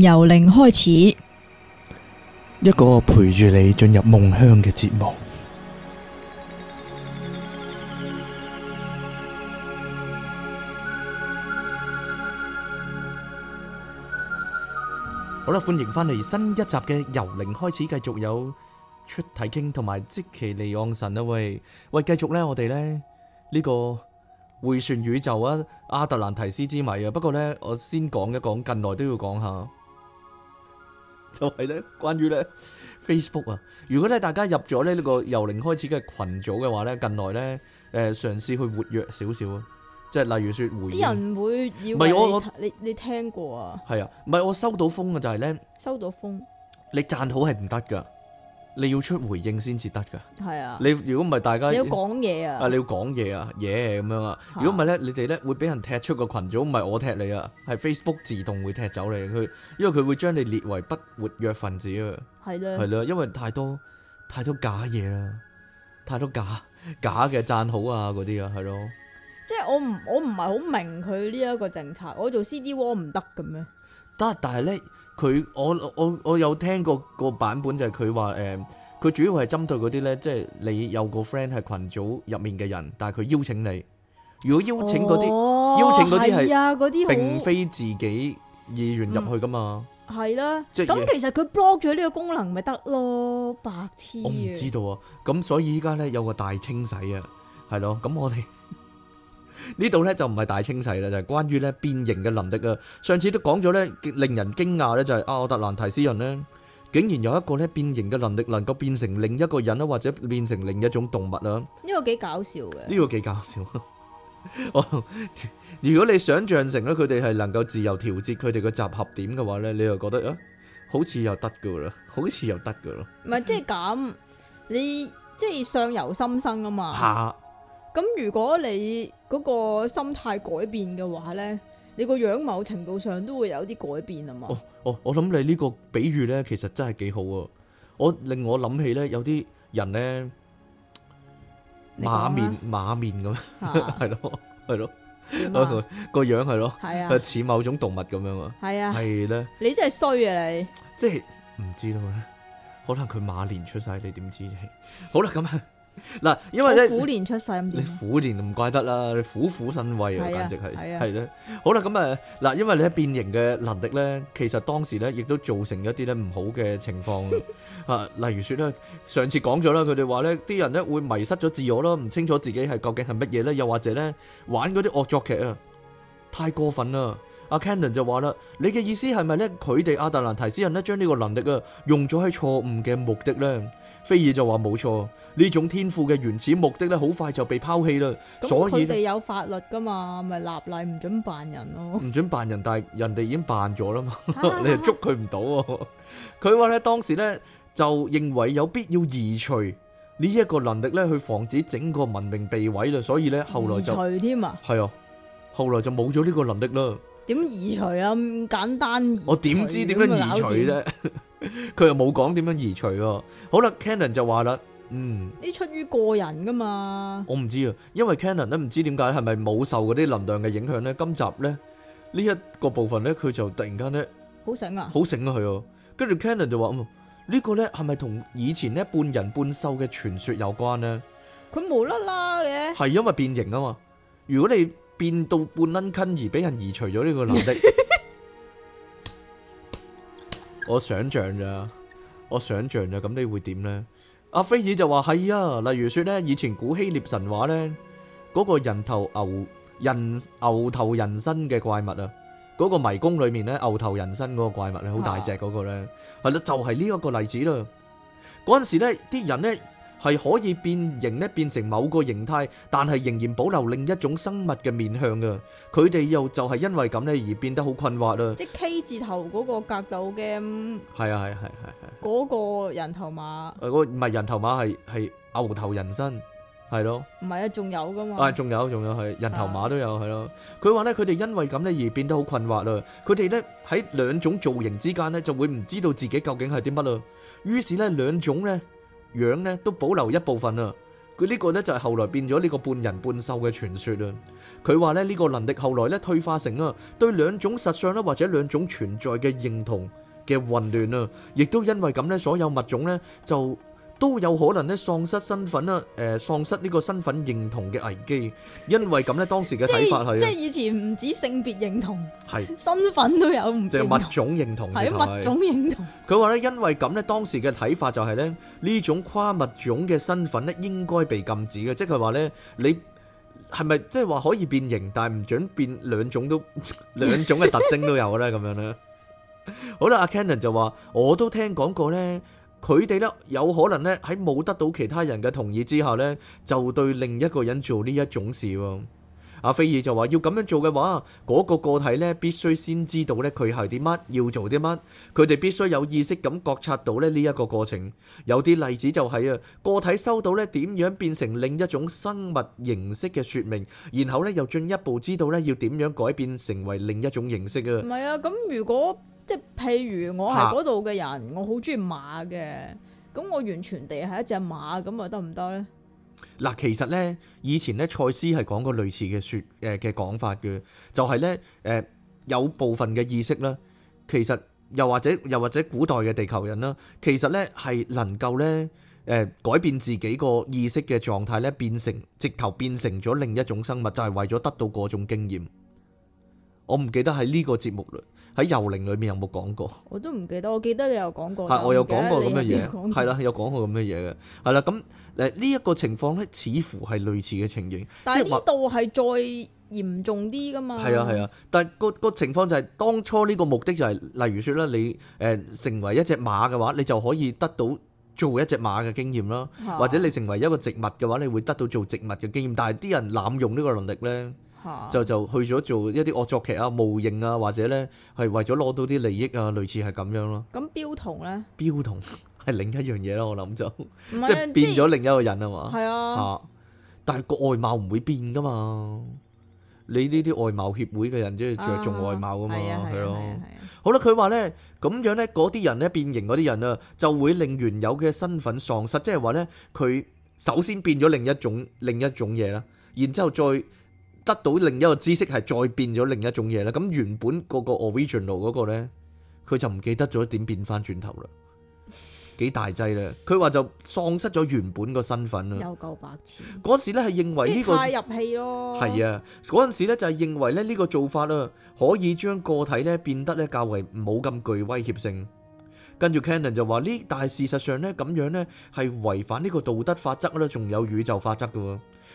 由零開始，一個陪住你進入夢鄉嘅節目。好啦，歡迎翻嚟新一集嘅由零開始，繼續有出體傾同埋積奇尼盎神啦。喂喂，繼續呢，我哋呢呢個回旋宇宙啊，阿特蘭提斯之謎啊。不過呢，我先講一講，近來都要講下。就係咧，關於咧 Facebook 啊，如果咧大家入咗咧呢個由零開始嘅群組嘅話咧，近來咧誒、呃、嘗試去活躍少少啊，即係例如説回，啲人會以為不你我你，你聽過啊？係啊，唔係我收到風嘅就係、是、咧，收到風，你讚好係唔得㗎，你要出回應先至得㗎，係啊！你如果唔係大家要講嘢啊，啊你要講嘢啊嘢咁樣啊！如果唔係咧，你哋咧會俾人踢出個群組，唔係我踢你啊，係 Facebook 自動會踢走你，佢因為佢會將你列為不活躍分子啊，係咧的，係咧，因為太多太多假嘢啦，太多假假嘅贊好啊嗰啲啊，係咯，即係我唔我唔係好明佢呢一個政策，我做 CDW 唔得嘅咩？得，但係咧，佢我我我有聽過個版本就係佢話誒。嗯佢主要係針對嗰啲咧，即係你有個 friend 係群組入面嘅人，但係佢邀請你。如果邀請嗰啲，哦、邀請嗰啲係啊，嗰啲並非自己意願入去噶嘛。係啦、嗯，咁、啊、即其實佢 block 咗呢個功能咪得咯，白痴。我唔知道啊，咁所以依家咧有個大清洗啊，係咯，咁我哋呢度咧就唔係大清洗啦，就係、是、關於咧變形嘅能力啊。上次都講咗咧，令人驚訝咧就係、是、阿特蘭堤斯人咧。竟然有一個咧變形嘅能力，能夠變成另一個人啊，或者變成另一種動物啊。呢個幾搞笑嘅。呢個幾搞笑。如果你想象成咧，佢哋係能夠自由調節佢哋嘅集合點嘅話呢，你又覺得啊，好似又得噶啦，好似又得噶咯。唔係，即係咁，你即係、就是、上由心生啊嘛。吓。咁如果你嗰個心態改變嘅話呢。你個樣某程度上都會有啲改變啊嘛、哦。哦，我諗你呢個比喻咧，其實真係幾好啊。我令我諗起咧，有啲人咧馬面馬面咁，係咯，係咯，個個 樣係咯，似、啊、某種動物咁樣啊。係啊的。係咧。你真係衰啊！你即係唔知道咧，可能佢馬年出世，你點知？好啦，咁啊。嗱，因為咧，虎年出世你虎年唔怪得啦，你虎虎生威啊，簡直係，係咧、啊啊。好啦，咁誒，嗱，因為你喺變形嘅能力咧，其實當時咧亦都造成咗一啲咧唔好嘅情況啊。 例如説咧，上次講咗啦，佢哋話咧，啲人咧會迷失咗自我啦，唔清楚自己係究竟係乜嘢咧，又或者咧玩嗰啲惡作劇啊，太過分啦。阿 Cannon 就話啦，你嘅意思係咪咧，佢哋阿特蘭堤斯人呢，將呢個能力啊用咗喺錯誤嘅目的咧？菲爾就話冇錯，呢種天賦嘅原始目的咧，好快就被拋棄啦。所以，佢哋有法律噶嘛，咪立例唔准扮人咯，唔准扮人， 但係人哋已經扮咗啦嘛，你又捉佢唔到。佢話咧當時咧就認為有必要移除呢一個能力咧，去防止整個文明被毀啦。所以咧後來就移除添啊，係啊，後來就冇咗呢個能力啦。點移除啊？咁簡單我點知點樣移除咧？ 佢 又冇講點樣移除哦。好啦，Canon 就話啦，嗯，呢出於個人噶嘛。我唔知啊，因為 Canon 都唔知點解係咪冇受嗰啲能量嘅影響咧。今集咧呢一，這個部分咧，佢就突然間咧，醒啊，好醒啊，好醒啊佢哦。嗯這個，是是跟住 Canon 就話，呢個咧係咪同以前咧半人半獸嘅傳說有關咧？佢冇甩啦嘅，係因為變形啊嘛。如果你變到半拎坤而俾人移除咗呢個能力。 我想象咋，我想象咋，咁你會點咧？阿菲爾就話係啊，例如說咧，以前古希臘神話咧，嗰個人頭牛人牛頭人身嘅怪物啊，嗰個迷宮裏面咧，牛頭人身嗰個怪物咧，好大隻嗰個咧，係咯，就係呢一個例子啦。嗰陣時咧，啲人咧。係可以變形咧，變成某個形態，但係仍然保留另一種生物嘅面向噶。佢哋又就係因為咁咧而變得好困惑啦，即 K 字頭嗰個格鬥嘅係啊係係係係嗰個人頭馬誒，嗰唔係人頭馬係，係牛頭人身係咯，唔係啊，仲有噶嘛？係仲有仲有係人頭馬都有係咯。佢話咧，佢哋因為咁咧而變得好困惑啦，佢哋咧喺兩種造型之間咧就會唔知道自己究竟係啲乜啦。於是咧兩種咧。樣咧都保留一部分啊，佢呢個咧就係後來變咗呢個半人半獸嘅傳說啊。佢話咧，呢個能力後來咧退化成啊，對兩種實相啦或者兩種存在嘅認同嘅混亂啊，亦都因為咁咧，所有物種咧就。都有可能咧喪失身份啦，誒喪失呢個身份認同嘅危機，因為咁咧當時嘅睇法係，即係以前唔止性別認同，係身份都有唔，即係物種認同，係物種認同。佢話咧，因為咁咧當時嘅睇法就係咧，呢種跨物種嘅身份咧應該被禁止嘅，即係佢話咧，你係咪即係話可以變形，但係唔準變兩種都兩種嘅特徵都有咧咁樣咧？好啦，阿 Kenon 就話我都聽講過咧。佢哋咧有可能咧喺冇得到其他人嘅同意之下咧，就對另一個人做呢一種事喎。阿飛爾就話：要咁樣做嘅話，嗰個個體咧必須先知道咧佢係啲乜，要做啲乜。佢哋必須有意識咁覺察到咧呢一個過程。有啲例子就係啊，個體收到咧點樣變成另一種生物形式嘅説明，然後咧又進一步知道咧要點樣改變成為另一種形式啊。唔係啊，咁如果。即係譬如我係嗰度嘅人，我好中意馬嘅，咁我完全地係一隻馬咁啊，得唔得呢？嗱，其實呢，以前呢，賽斯係講過類似嘅說誒嘅講法嘅，就係呢，誒、呃、有部分嘅意識啦，其實又或者又或者古代嘅地球人啦，其實呢係能夠呢誒、呃、改變自己個意識嘅狀態呢，變成直頭變成咗另一種生物，就係為咗得到嗰種經驗。我唔記得喺呢個節目啦。喺遊靈裏面有冇講過？我都唔記得，我記得你有講過。的我，我有講過咁嘅嘢，係啦，有講過咁嘅嘢嘅，係啦。咁誒呢一個情況咧，似乎係類似嘅情形。但係呢度係再嚴重啲噶嘛？係啊係啊，但係個個情況就係、是、當初呢個目的就係、是，例如説啦，你誒成為一隻馬嘅話，你就可以得到做一隻馬嘅經驗啦；的或者你成為一個植物嘅話，你會得到做植物嘅經驗。但係啲人濫用呢個能力咧。就就去咗做一啲惡作劇啊、模型啊，或者呢係為咗攞到啲利益啊，類似係咁樣咯。咁標同呢？標同係另一樣嘢咯，我諗就即係是 變咗另一個人啊嘛。係是啊，但係個外貌唔會變噶嘛。你呢啲外貌協會嘅人即係着重外貌噶嘛，係咯、啊。啊、好啦，佢話呢，咁樣呢嗰啲人呢，變形嗰啲人啊，就會令原有嘅身份喪失，即係話呢，佢首先變咗另一種另一種嘢啦，然之後再。得到另一個知識係再變咗另一種嘢咧，咁原本個個 original 嗰個咧，佢就唔記得咗點變翻轉頭啦，幾大劑啦！佢話就喪失咗原本個身份啦，又夠白痴，嗰時咧係認為呢個入戲咯，係啊，嗰陣時咧就係認為咧呢個做法啊，可以將個體咧變得咧較為冇咁具威脅性。跟住 Cannon 就話呢，但係事實上咧咁樣咧係違反呢個道德法則啦，仲有宇宙法則噶喎。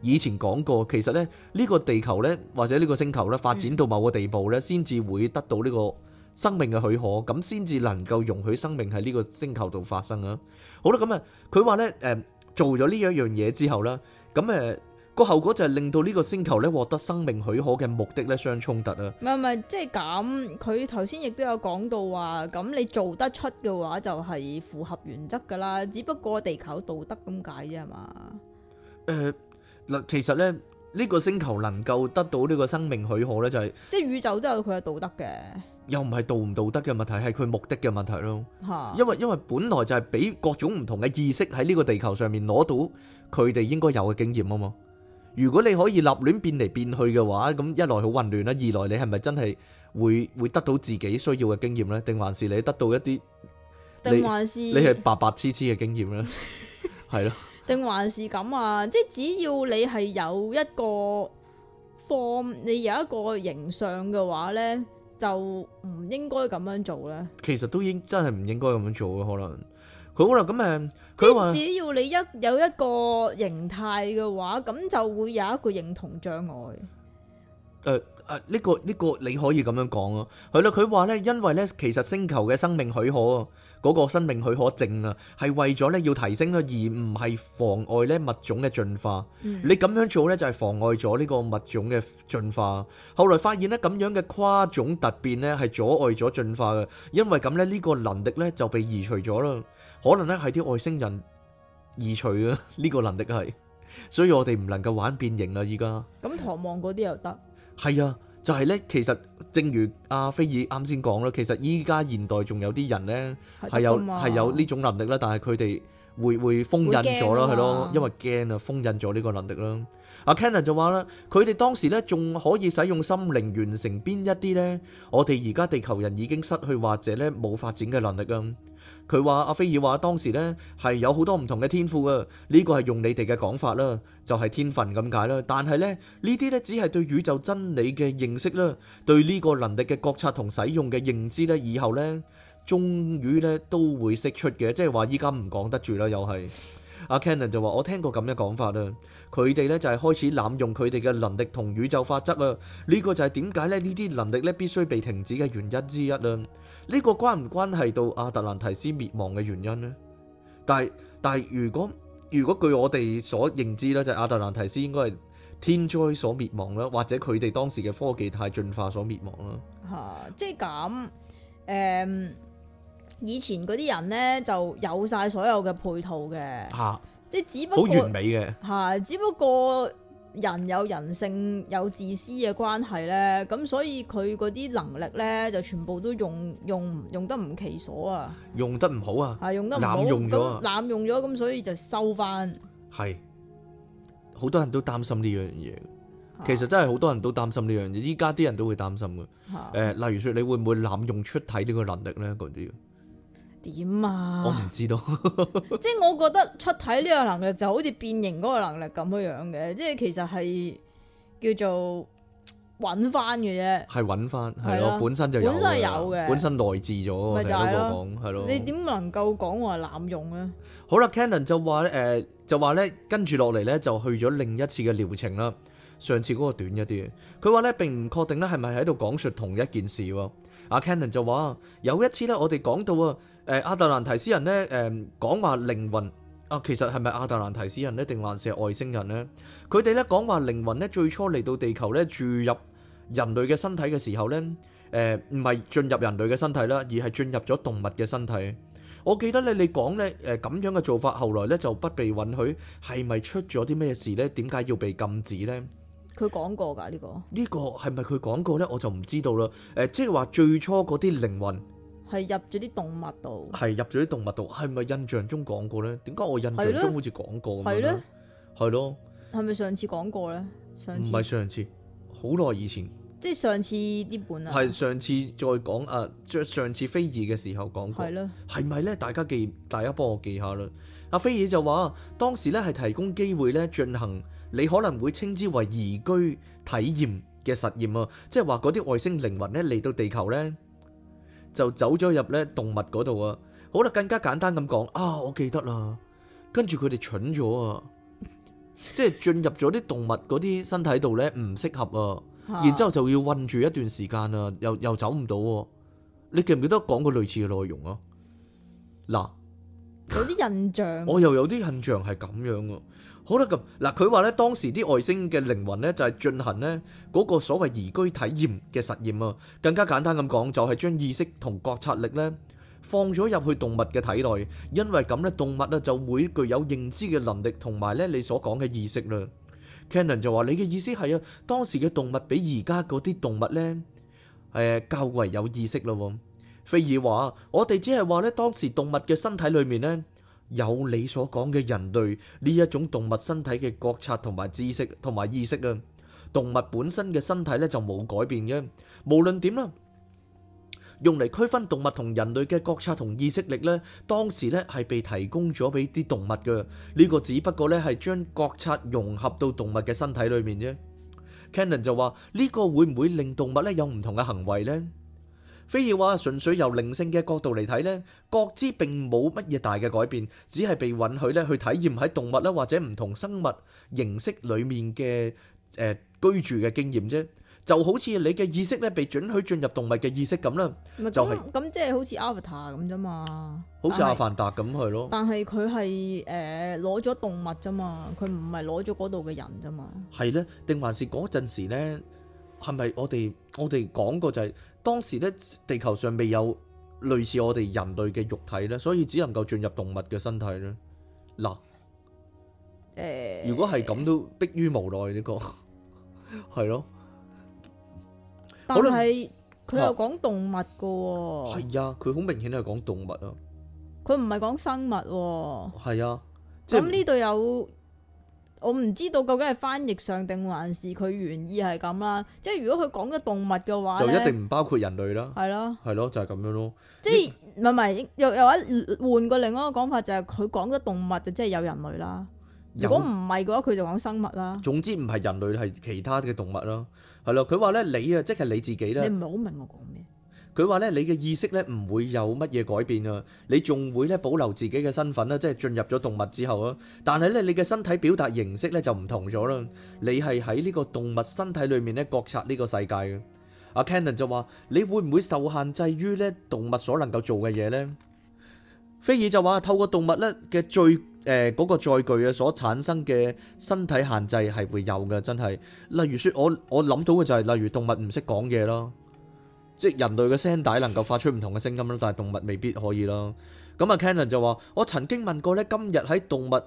以前講過，其實咧呢個地球咧或者呢個星球啦，發展到某個地步咧，先至會得到呢個生命嘅許可，咁先至能夠容許生命喺呢個星球度發生啊。好啦，咁啊，佢話咧誒，做咗呢一樣嘢之後啦，咁誒個後果就係令到呢個星球咧獲得生命許可嘅目的咧相衝突啊。唔係唔係，即係咁，佢頭先亦都有講到話，咁你做得出嘅話就係符合原則噶啦，只不過地球道德咁解啫嘛。誒。呃嗱，其實咧，呢個星球能夠得到呢個生命許可呢就係即係宇宙都有佢嘅道德嘅，又唔係道唔道德嘅問題，係佢目的嘅問題咯。因為因為本來就係俾各種唔同嘅意識喺呢個地球上面攞到佢哋應該有嘅經驗啊嘛。如果你可以立亂變嚟變去嘅話，咁一來好混亂啦，二來你係咪真係會會得到自己需要嘅經驗呢？定還是你得到一啲？定還是你係白白痴痴嘅經驗咧？係咯。定還是咁啊！即係只要你係有一個 form，你有一個形象嘅話咧，就唔應該咁樣做咧。其實都應真係唔應該咁樣做嘅，可能佢可能咁誒，佢話只要你一有一個形態嘅話，咁就會有一個認同障礙。誒。誒，呢個呢個你可以咁樣講啊。係咯，佢話呢，因為呢，其實星球嘅生命許可啊，嗰個生命許可證啊，係為咗呢要提升啊，而唔係妨礙呢物種嘅進化。嗯、你咁樣做呢，就係妨礙咗呢個物種嘅進化。後來發現呢，咁樣嘅跨種突變呢，係阻礙咗進化嘅，因為咁呢，呢個能力呢，就被移除咗啦。可能呢，係啲外星人移除啊，呢個能力係，所以我哋唔能夠玩變形啦，依家。咁螳螂嗰啲又得。係啊，就係咧，其實正如阿菲爾啱先講啦，其實依家現代仲有啲人咧係有係有呢種能力啦，但係佢哋，會會封印咗啦，係咯，因為驚啊，封印咗呢個能力啦。阿 Kenan 就話啦，佢哋當時咧仲可以使用心靈完成邊一啲呢？我哋而家地球人已經失去或者咧冇發展嘅能力啊。佢話阿菲爾話當時呢係有好多唔同嘅天賦啊，呢、這個係用你哋嘅講法啦，就係、是、天分咁解啦。但係咧呢啲呢，只係對宇宙真理嘅認識啦，對呢個能力嘅覺察同使用嘅認知呢。以後呢。終於咧都會釋出嘅，即係話依家唔講得住啦，又係阿 Cannon 就話：我聽過咁嘅講法啦，佢哋咧就係、是、開始濫用佢哋嘅能力同宇宙法則啊！呢、這個就係點解咧呢啲能力咧必須被停止嘅原因之一啊！呢、這個關唔關係到阿特蘭堤斯滅亡嘅原因呢？但係但係如果如果據我哋所認知咧，就係、是、阿特蘭堤斯應該係天災所滅亡啦，或者佢哋當時嘅科技太進化所滅亡啦。嚇、啊！即係咁誒？呃以前嗰啲人咧就有晒所有嘅配套嘅，啊、即係只不過好完美嘅，係只不過人有人性有自私嘅關係咧，咁所以佢嗰啲能力咧就全部都用用用得唔其所啊，用得唔好啊，係用得唔好，濫用咗，濫用咗，咁所以就收翻，係好多人都擔心呢樣嘢，其實真係好多人都擔心呢樣嘢，依家啲人都會擔心嘅，誒的、欸，例如說你會唔會濫用出體呢個能力咧嗰啲？點啊？我唔知道， 即係我覺得出體呢個能力就好似變形嗰個能力咁樣樣嘅，即係其實係叫做揾翻嘅啫。係揾翻，係咯，的本身就有。本身有嘅，本身內置咗，咪咯，你點能夠講我係濫用咧？好啦，Cannon 就話誒、呃，就話咧，跟住落嚟咧就去咗另一次嘅療程啦。上次嗰個短一啲，佢話呢並唔確定呢係咪喺度講述同一件事喎、啊。阿 Kennan 就話：有一次呢，我哋講到啊，誒、呃、阿特蘭提斯阿特蘭堤斯人呢誒、呃、講話靈魂啊，其實係咪阿特蘭堤斯人呢定還是外星人呢？佢哋呢講話靈魂呢，最初嚟到地球呢，注入人類嘅身體嘅時候呢，誒唔係進入人類嘅身體啦，而係進入咗動物嘅身體。我記得呢，你講呢誒咁、呃、樣嘅做法，後來呢就不被允許，係咪出咗啲咩事呢？點解要被禁止呢？佢講過㗎呢個？呢個係咪佢講過呢？我就唔知道啦。誒、呃，即係話最初嗰啲靈魂係入咗啲動物度，係入咗啲動物度，係咪印象中講過呢？點解我印象中好似講過咁樣咧？係咯，係咯，係咪的上次講過呢？上次唔係上次，好耐以前，即係上次啲本啊，係上次再講誒，著、啊、上次菲爾嘅時候講過，係咪的呢？大家記，大家幫我記下啦。阿、啊、菲爾就話當時呢係提供機會呢進行。你可能會稱之為移居體驗嘅實驗啊，即係話嗰啲外星靈魂呢嚟到地球呢，就走咗入呢動物嗰度啊。好啦，更加簡單咁講啊，我記得啦，跟住佢哋蠢咗啊， 即係進入咗啲動物嗰啲身體度呢，唔適合啊， 然之後就要困住一段時間啊，又又走唔到。你記唔記得講過類似嘅內容啊？嗱，有啲印象， 我又有啲印象係咁樣啊。好啦，咁嗱，佢話咧，當時啲外星嘅靈魂咧，就係進行咧嗰個所謂移居體驗嘅實驗啊。更加簡單咁講，就係將意識同覺察力咧放咗入去動物嘅體內，因為咁咧，動物咧就會具有認知嘅能力同埋咧你所講嘅意識啦。Cannon 就話：你嘅意思係啊，當時嘅動物比而家嗰啲動物咧，誒較為有意識咯。菲爾話：我哋只係話咧，當時動物嘅身體裡面咧，有你所講嘅人類呢一種動物身體嘅覺察同埋知識同埋意識啊，動物本身嘅身體咧就冇改變嘅，無論點啦，用嚟區分動物同人類嘅覺察同意識力咧，當時咧係被提供咗俾啲動物嘅，呢個只不過咧係將覺察融合到動物嘅身體裏面啫。Cannon 就話：呢個會唔會令動物咧有唔同嘅行為咧？非要話純粹由靈性嘅角度嚟睇呢，覺知並冇乜嘢大嘅改變，只係被允許咧去體驗喺動物啦或者唔同生物形式裡面嘅誒、呃、居住嘅經驗啫，就好似你嘅意識咧被準許進入動物嘅意識咁啦，咁、就是、即係好似 Avatar 咁啫嘛，好似阿凡達咁係咯，但係佢係誒攞咗動物啫嘛，佢唔係攞咗嗰度嘅人啫嘛，係呢定還是嗰陣時咧？係咪我哋我哋講過就係、是、當時咧地球上未有類似我哋人類嘅肉體咧，所以只能夠進入動物嘅身體咧。嗱，欸、如果係咁都逼於無奈呢、這個係咯。 的但係是佢又講動物噶。係啊，佢、哎、好明顯都係講動物,物啊。佢唔係講生物。係、就、啊、是，咁呢度有。我唔知道究竟係翻譯上定還是佢原意係咁啦，即係如果佢講嘅動物嘅話，就一定唔包括人類啦，係咯的，係咯，就係、是、咁樣咯。即係唔係唔係，又又一換個另外一個講法就係佢講咗動物就即、是、係有人類啦。有如果唔係嘅話，佢就講生物啦。總之唔係人類係其他嘅動物咯，係咯。佢話咧你啊，即、就、係、是、你自己咧，你唔係好明我講咩？佢話咧，你嘅意識咧唔會有乜嘢改變啊，你仲會咧保留自己嘅身份啦，即係進入咗動物之後啊，但係咧你嘅身體表達形式咧就唔同咗啦，你係喺呢個動物身體裡面咧觀察呢個世界嘅。阿 Kenan 就話：你會唔會受限制於咧動物所能夠做嘅嘢呢？菲爾就話：透過動物咧嘅最誒嗰個載具啊，所產生嘅身體限制係會有嘅，真係。例如說，我我諗到嘅就係，例如動物唔識講嘢咯。即係人類嘅聲帶能夠發出唔同嘅聲音咯，但係動物未必可以咯。咁啊，Cannon 就話：我曾經問過咧，今日喺動物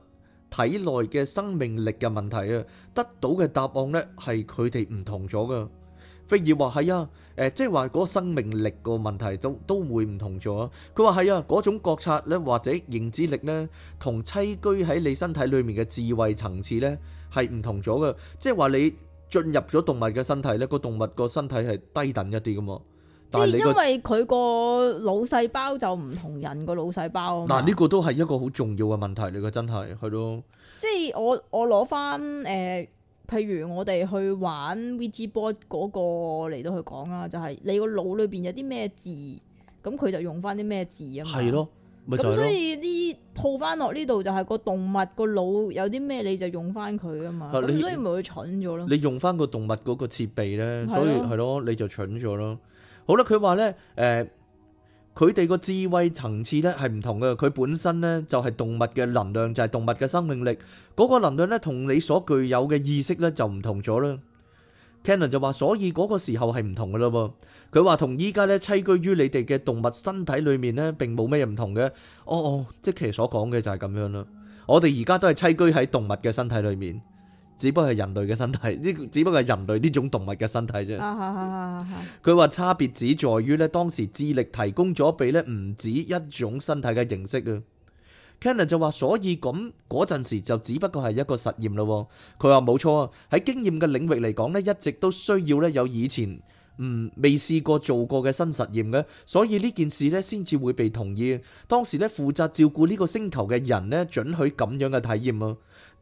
體內嘅生命力嘅問題啊，得到嘅答案咧係佢哋唔同咗噶。菲爾話：係啊，誒，即係話個生命力個問題都都會唔同咗。佢話係啊，嗰種覺察咧，或者認知力咧，同棲居喺你身體裡面嘅智慧層次咧係唔同咗嘅。即係話你進入咗動物嘅身體咧，個動物個身體係低等一啲㗎嘛。即係因為佢個腦細胞就唔同人個腦細胞啊嘛。嗱，呢個都係一個好重要嘅問題嚟噶，真係係咯。即係我我攞翻誒，譬如我哋去玩 VChat Bot a 嗰個嚟到去講啊，就係、是、你個腦裡邊有啲咩字，咁佢就用翻啲咩字啊嘛。係咯，咁、就是、所以呢套翻落呢度就係個動物個腦有啲咩，你就用翻佢啊嘛。咁你所以咪會蠢咗咯。你用翻個動物嗰個設備咧，所以係咯的，你就蠢咗咯。好啦，佢話咧，誒、哎，佢哋個智慧層次咧係唔同嘅，佢本身咧就係動物嘅能量，就係、是、動物嘅生命力，嗰、那個能量咧同你所具有嘅意識咧就唔同咗啦。Cannon 就話，所以嗰個時候係唔同噶啦噃，佢話同依家咧棲居於你哋嘅動物身體裏面咧，並冇咩唔同嘅。哦哦，即係所講嘅就係咁樣啦，我哋而家都係棲居喺動物嘅身體裏面。只不過係人類嘅身體，呢只不過係人類呢種動物嘅身體啫。佢話 差別只在於咧，當時智力提供咗俾咧唔止一種身體嘅形式啊。Cannon 就話，所以咁嗰陣時就只不過係一個實驗咯。佢話冇錯啊，喺經驗嘅領域嚟講咧，一直都需要咧有以前唔未、嗯、試過做過嘅新實驗嘅，所以呢件事咧先至會被同意。當時咧負責照顧呢個星球嘅人咧，准許咁樣嘅體驗啊。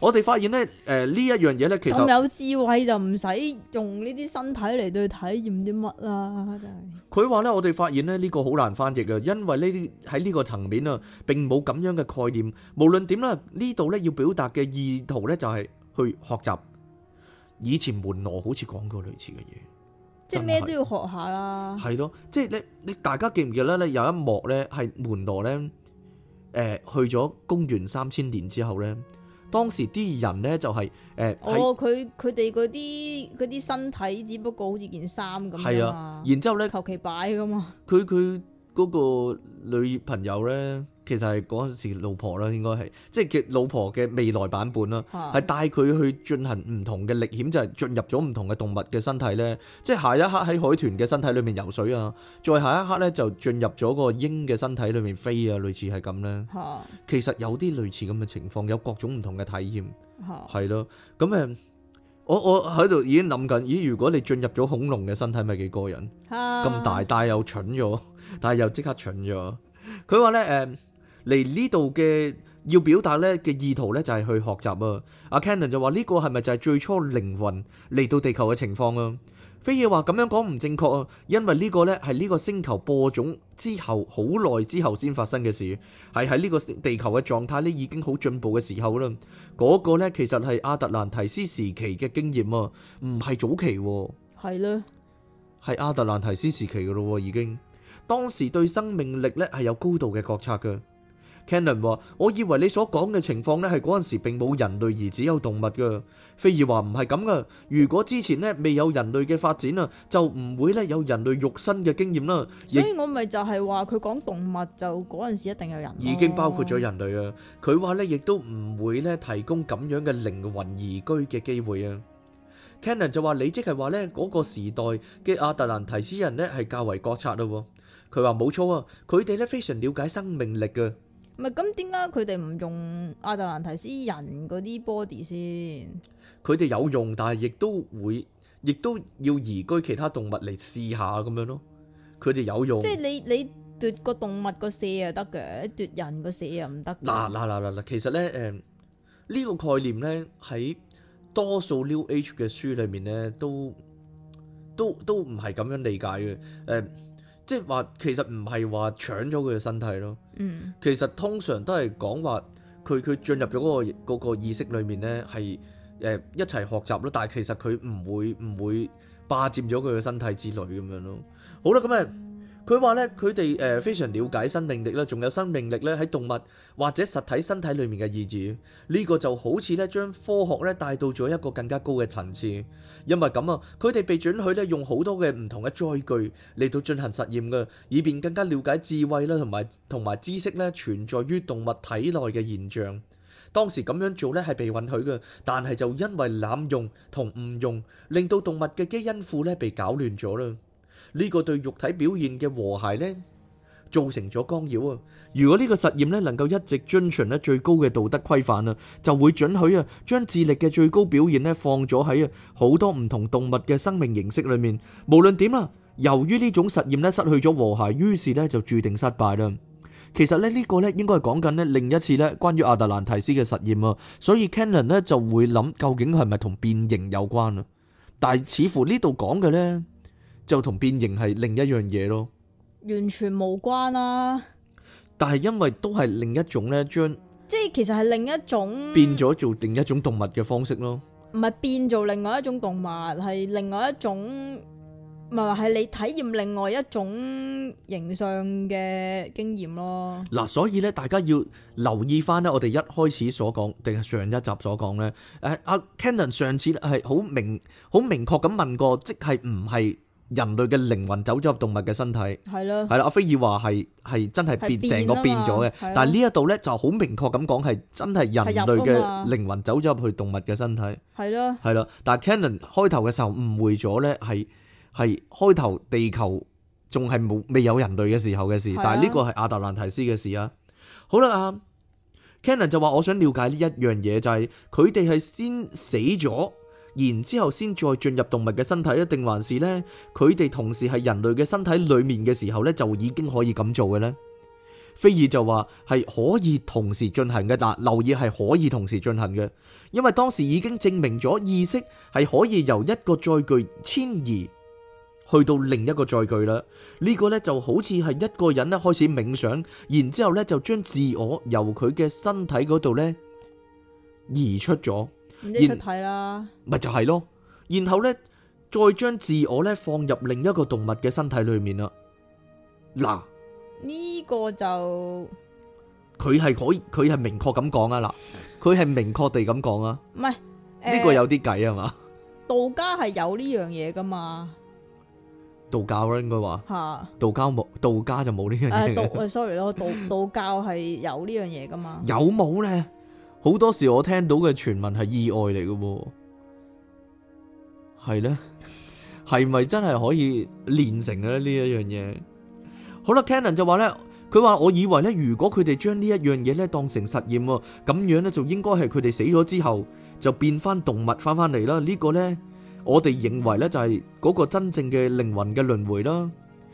我哋發現咧，誒呢一樣嘢咧，其實咁有智慧就唔使用呢啲身體嚟去體驗啲乜啦。真係佢話咧，我哋發現咧呢個好難翻譯嘅，因為呢啲喺呢個層面啊，並冇咁樣嘅概念。無論點啦，呢度咧要表達嘅意圖咧就係去學習，以前門羅好似講過類似嘅嘢，即係咩都要學下啦。係咯，即係你你大家記唔記得咧？有一幕咧係門羅咧，誒去咗公元三千年之後咧。當時啲人咧就係、是、誒，呃、哦，佢佢哋嗰啲啲身體只不過好似件衫咁係啊，然之後咧求其擺㗎嘛。佢佢嗰個女朋友咧，其實係嗰陣時老婆啦，應該係即係嘅老婆嘅未來版本啦，係、啊、帶佢去進行唔同嘅歷險，就係、是、進入咗唔同嘅動物嘅身體咧。即係下一刻喺海豚嘅身體裏面游水啊，再下一刻咧就進入咗個鷹嘅身體裏面飛啊，類似係咁咧。啊、其實有啲類似咁嘅情況，有各種唔同嘅體驗。嚇、啊，係咯。咁誒，我我喺度已經諗緊，咦？如果你進入咗恐龍嘅身體，咪幾過癮？咁、啊、大，但係又蠢咗，但係又即刻蠢咗。佢話咧，誒、嗯。嚟呢度嘅要表達呢嘅意圖呢，就係去學習啊！阿 c a n o n 就話呢、這個係咪就係最初靈魂嚟到地球嘅情況啊？非野話咁樣講唔正確啊，因為呢個呢，係呢個星球播種之後好耐之後先發生嘅事，係喺呢個地球嘅狀態呢已經好進步嘅時候啦。嗰、那個咧其實係阿特蘭提斯時期嘅經驗啊，唔係早期喎。係咧的，係亞特蘭提斯時期㗎咯，已經當時對生命力呢，係有高度嘅覺察嘅。Cannon 話：我以為你所講嘅情況咧，係嗰陣時並冇人類而只有動物噶。菲爾話唔係咁噶，如果之前咧未有人類嘅發展啊，就唔會咧有人類肉身嘅經驗啦。所以我咪就係話佢講動物就嗰陣時一定有人。已經包括咗人類啊。佢話咧，亦都唔會咧提供咁樣嘅靈魂移居嘅機會啊。Cannon 就話：你即係話咧嗰個時代嘅亞特蘭提斯人咧係較為覺察咯。佢話冇錯啊，佢哋咧非常瞭解生命力噶。咪咁點解佢哋唔用亞特蘭提斯人嗰啲 body 先？佢哋有用，但係亦都會，亦都要移居其他動物嚟試下咁樣咯。佢哋有用。即係你你奪個動物個死又得嘅，奪人個死又唔得。嗱嗱嗱嗱嗱，其實咧，誒、呃、呢、呢個概念咧喺多數 New Age 嘅書裏面咧都都都唔係咁樣理解嘅。誒、呃，即係話其實唔係話搶咗佢嘅身體咯。嗯，其實通常都係講話佢佢進入咗嗰個嗰個意識裏面咧，係、呃、誒一齊學習咯。但係其實佢唔會唔會霸佔咗佢嘅身體之類咁樣咯。好啦，咁啊～、嗯佢話咧，佢哋誒非常了解生命力啦，仲有生命力咧喺動物或者實體身體裏面嘅意義。呢個就好似咧將科學咧帶到咗一個更加高嘅層次。因為咁啊，佢哋被准許咧用好多嘅唔同嘅載具嚟到進行實驗嘅，以便更加了解智慧啦同埋同埋知識咧存在於動物體內嘅現象。當時咁樣做咧係被允許嘅，但係就因為濫用同誤用，令到動物嘅基因庫咧被搞亂咗啦。呢個對肉體表現嘅和諧咧，造成咗干擾啊！如果呢個實驗咧能夠一直遵循咧最高嘅道德規範啊，就會准許啊將智力嘅最高表現咧放咗喺啊好多唔同動物嘅生命形式裏面。無論點啦，由於呢種實驗咧失去咗和諧，於是咧就註定失敗啦。其實咧呢個咧應該係講緊咧另一次咧關於阿特蘭堤斯嘅實驗啊，所以 Cannon 咧就會諗究竟係咪同變形有關啊？但係似乎呢度講嘅咧。就同變形係另一樣嘢咯，完全無關啦。但係因為都係另一種咧，將即係其實係另一種變咗做另一種動物嘅方式咯。唔係變做另外一種動物，係另外一種，唔係話係你體驗另外一種形象嘅經驗咯。嗱，所以咧，大家要留意翻咧，我哋一開始所講定係上一集所講咧。誒，阿 Cannon 上次係好明、好明確咁問過，即係唔係？人類嘅靈魂走咗入動物嘅身體，係咯的，係啦。阿菲爾話係，係真係變成個變咗嘅，的但係呢一度咧，就好明確咁講係真係人類嘅靈魂走咗入去動物嘅身體，係咯，係啦。但係 Canon 開頭嘅時候誤會咗咧，係係開頭地球仲係冇未有人類嘅時候嘅事，的但係呢個係亞特蘭提斯嘅事啊。好啦，阿的 Canon 就話我想了解呢一樣嘢，就係佢哋係先死咗。然之後先再進入動物嘅身體，一定還是呢？佢哋同時係人類嘅身體裏面嘅時候呢，就已經可以咁做嘅呢，菲爾就話係可以同時進行嘅，但留意係可以同時進行嘅，因為當時已經證明咗意識係可以由一個載具遷移去到另一個載具啦。呢個呢就好似係一個人咧開始冥想，然之後咧就將自我由佢嘅身體嗰度呢移出咗。唔知出體啦，咪就係咯，然後咧再將自我咧放入另一個動物嘅身體裏面啦。嗱，呢個就佢係可以，佢係明確咁講啊，嗱，佢係明確地咁講啊。唔係呢個有啲計啊嘛？道家係有呢樣嘢噶嘛？道教咯，應該話吓，道教冇，道家就冇呢樣嘢。誒，sorry 咯，道道教係有呢樣嘢噶嘛？有冇咧？好多時我聽到嘅傳聞係意外嚟嘅喎，係呢，係咪真係可以練成嘅咧呢一樣嘢？好啦，Canon 就話呢，佢話我以為呢，如果佢哋將呢一樣嘢呢當成實驗喎，咁樣呢就應該係佢哋死咗之後就變翻動物翻翻嚟啦。呢個呢我哋認為呢就係嗰個真正嘅靈魂嘅輪迴啦。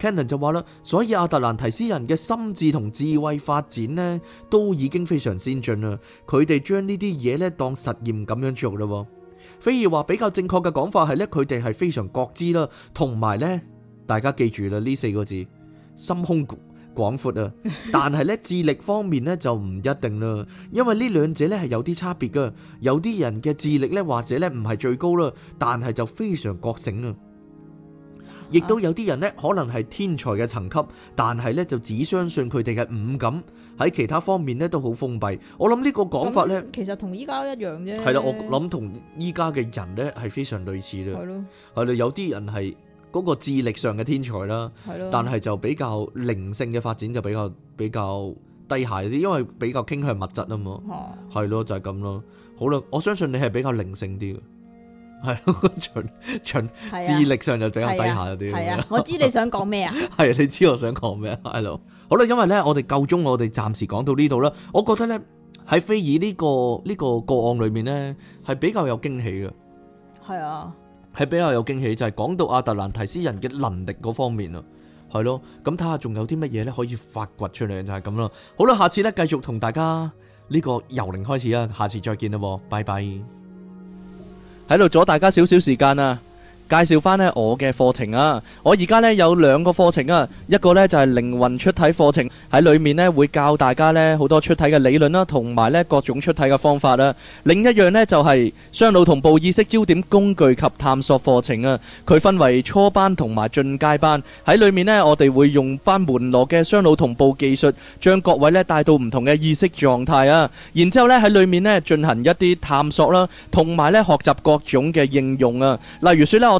Cannon 就話啦，所以亞特蘭提斯人嘅心智同智慧發展呢，都已經非常先進啦。佢哋將呢啲嘢呢，當實驗咁樣做啦。非爾話比較正確嘅講法係呢，佢哋係非常覺知啦，同埋呢，大家記住啦，呢四個字心胸廣廣闊啊，但係呢智力方面呢，就唔一定啦，因為呢兩者呢係有啲差別㗎。有啲人嘅智力呢，或者呢唔係最高啦，但係就非常覺醒啊。亦都有啲人呢，可能係天才嘅層級，但係呢，就只相信佢哋嘅五感，喺其他方面呢都好封閉。我諗呢個講法呢，其實同依家一樣啫。係啦，我諗同依家嘅人呢係非常類似啦。係咯的，係有啲人係嗰個智力上嘅天才啦，的但係就比較靈性嘅發展就比較比較低下啲，因為比較傾向物質啊嘛。係咯的，就係咁咯。好啦，我相信你係比較靈性啲嘅。係咯， 智力上就比較低下啲，啊。係 啊，我知你想講咩啊？係、 啊、你知我想講咩啊？係咯，好啦，因為呢，我哋夠鐘，我哋暫時講到呢度啦。我覺得呢，喺菲爾呢、這個呢、這個個案裏面呢，係比較有驚喜嘅。係啊，係比較有驚喜，就係、是、講到阿特蘭堤斯人嘅能力嗰方面啊。係咯，咁睇下仲有啲乜嘢呢？可以發掘出嚟，就係咁啦。好啦，下次呢，繼續同大家呢個由零開始啊，下次再見啦，拜拜。喺度阻大家少少時間啊！介紹翻呢我嘅課程啊！我而家呢有兩個課程啊，一個呢就係靈魂出體課程，喺裡面呢會教大家呢好多出體嘅理論啦，同埋呢各種出體嘅方法啊。另一樣呢就係雙腦同步意識焦點工具及探索課程啊。佢分為初班同埋進階班，喺裡面呢我哋會用翻門羅嘅雙腦同步技術，將各位呢帶到唔同嘅意識狀態啊。然之後呢喺裡面呢進行一啲探索啦，同埋呢學習各種嘅應用啊。例如説呢我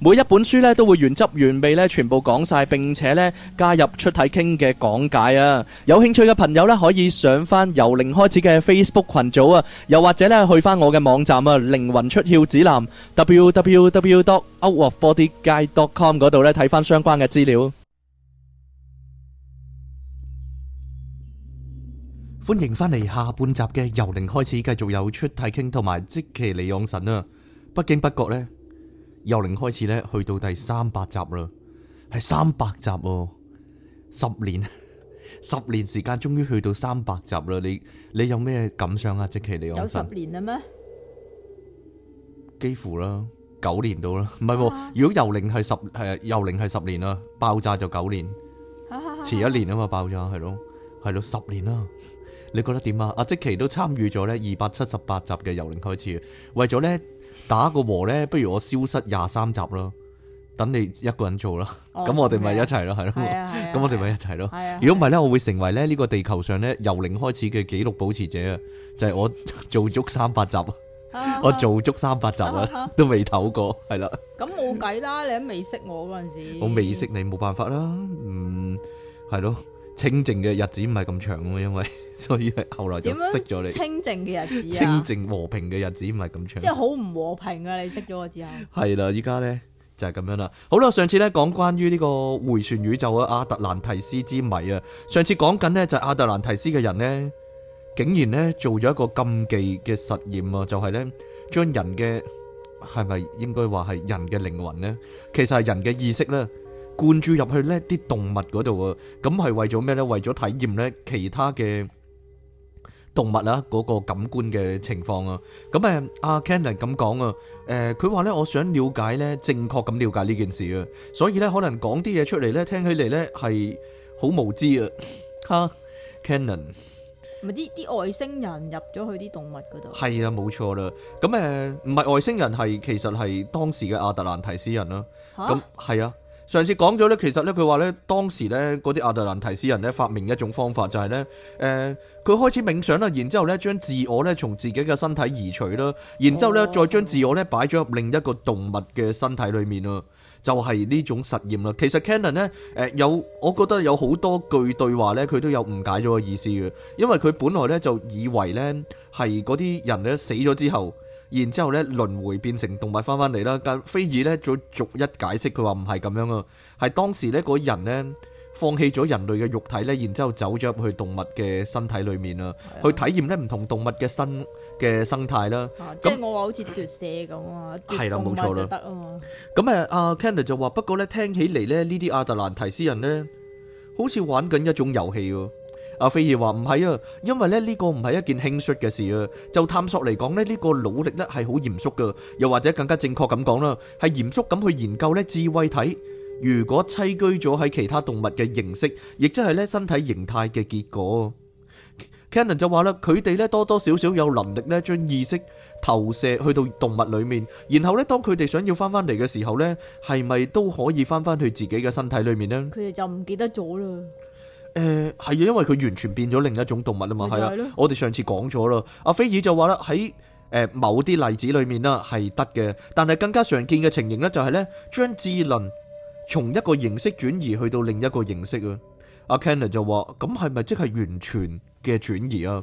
每一本書咧都會原汁原味咧全部講晒，並且咧加入出體傾嘅講解啊！有興趣嘅朋友咧可以上翻由零開始嘅 Facebook 群組啊，又或者咧去翻我嘅網站啊靈魂出竅指南 www.outofbodyguide.com 嗰度咧睇翻相關嘅資料。歡迎翻嚟下半集嘅由零開始，繼續有出體傾同埋即其利用神啊！不經不覺咧。由零開始咧，去到第三百集啦，係三百集哦，十年，十 年時間終於去到三百集啦。你你有咩感想啊？即期你有十年啦咩？幾乎啦，九年到啦，唔係、啊，如果由零係十係由零係十年啦，爆炸就九年，遲 一年啊嘛，爆炸係咯係咯，十年啦， 你覺得點啊？阿、啊、即期都參與咗咧二百七十八集嘅由零開始，為咗咧。打個和咧，不如我消失廿三集咯，等你一個人做咯。咁、哦、 我哋咪一齊咯，係咯、啊。咁、啊、 我哋咪一齊咯。如果唔係咧，啊、我會成為咧呢個地球上咧由零開始嘅紀錄保持者啊！就係我做足三百集，啊、我做足三百集啊，啊都未唞過，係啦、啊。咁冇計啦，你都未識我嗰陣時。我未識你，冇辦法啦。嗯，係咯、啊。清淨嘅日子唔係咁長啊，因為所以係後來就識咗你。清淨嘅日子， 清淨和平嘅日子唔係咁長。即係好唔和平啊！你識咗我之後。係啦， 依家咧就係咁樣啦。好啦，上次咧講關於呢個迴旋宇宙啊，阿特蘭提斯之謎啊。上次講緊呢，就係阿特蘭提斯嘅人呢，竟然呢做咗一個禁忌嘅實驗啊，就係呢將人嘅係咪應該話係人嘅靈魂呢？其實係人嘅意識呢。灌注入去咧啲動物嗰度啊，咁係為咗咩咧？為咗體驗咧其他嘅動物啊嗰個感官嘅情況啊，咁誒阿 Cannon 咁講啊，誒佢話咧我想了解咧正確咁了解呢件事啊，所以咧可能講啲嘢出嚟咧聽起嚟咧係好無知啊，哈 Cannon，唔係啲啲外星人入咗去啲動物嗰度，係啊冇錯啦，咁誒唔係外星人係其實係當時嘅阿特蘭堤斯人啦，咁係啊。上次講咗咧，其實咧佢話咧，當時咧嗰啲亞特蘭提斯人咧發明一種方法，就係，就係咧，誒，佢開始冥想啦，然之後咧將自我咧從自己嘅身體移除啦，然之後咧再將自我咧擺咗入另一個動物嘅身體裏面啊，就係、係、呢種實驗啦。其實 Cannon 咧、呃，誒有，我覺得有好多句對話咧，佢都有誤解咗個意思嘅，因為佢本來咧就以為咧係嗰啲人咧死咗之後。然之後咧，輪迴變成動物翻翻嚟啦。咁菲爾咧，就逐一解釋，佢話唔係咁樣啊，係當時咧，嗰人呢，放棄咗人類嘅肉體咧，然之後走咗入去動物嘅身體裏面啊，去體驗咧唔同動物嘅生嘅生態啦。咁即係我話好似奪舍咁啊，那動物就得啊嘛。咁誒，阿 Candy 那、啊、就話， 不過咧，聽起嚟咧，呢啲亞特蘭提斯人咧，好似玩緊一種遊戲喎。阿飛兒話：唔係啊，因為咧呢個唔係一件輕率嘅事啊。就探索嚟講咧，呢個努力咧係好嚴肅噶。又或者更加正確咁講啦，係嚴肅咁去研究咧智慧體。如果棲居咗喺其他動物嘅形式，亦即係咧身體形態嘅結果。Cannon 就話啦，佢哋咧多多少少有能力咧將意識投射去到動物裡面，然後咧當佢哋想要翻翻嚟嘅時候咧，係咪都可以翻翻去自己嘅身體裡面咧？佢哋就唔記得咗啦。誒，係啊、呃，因為佢完全變咗另一種動物啊嘛，係啊，我哋上次講咗啦，阿菲爾就話啦，喺誒、呃、某啲例子裏面啦係得嘅，但係更加常見嘅情形呢、就係，就係呢：將智能從一個形式轉移去到另一個形式啊，阿 Kenner 就話，咁係咪即係完全嘅轉移啊？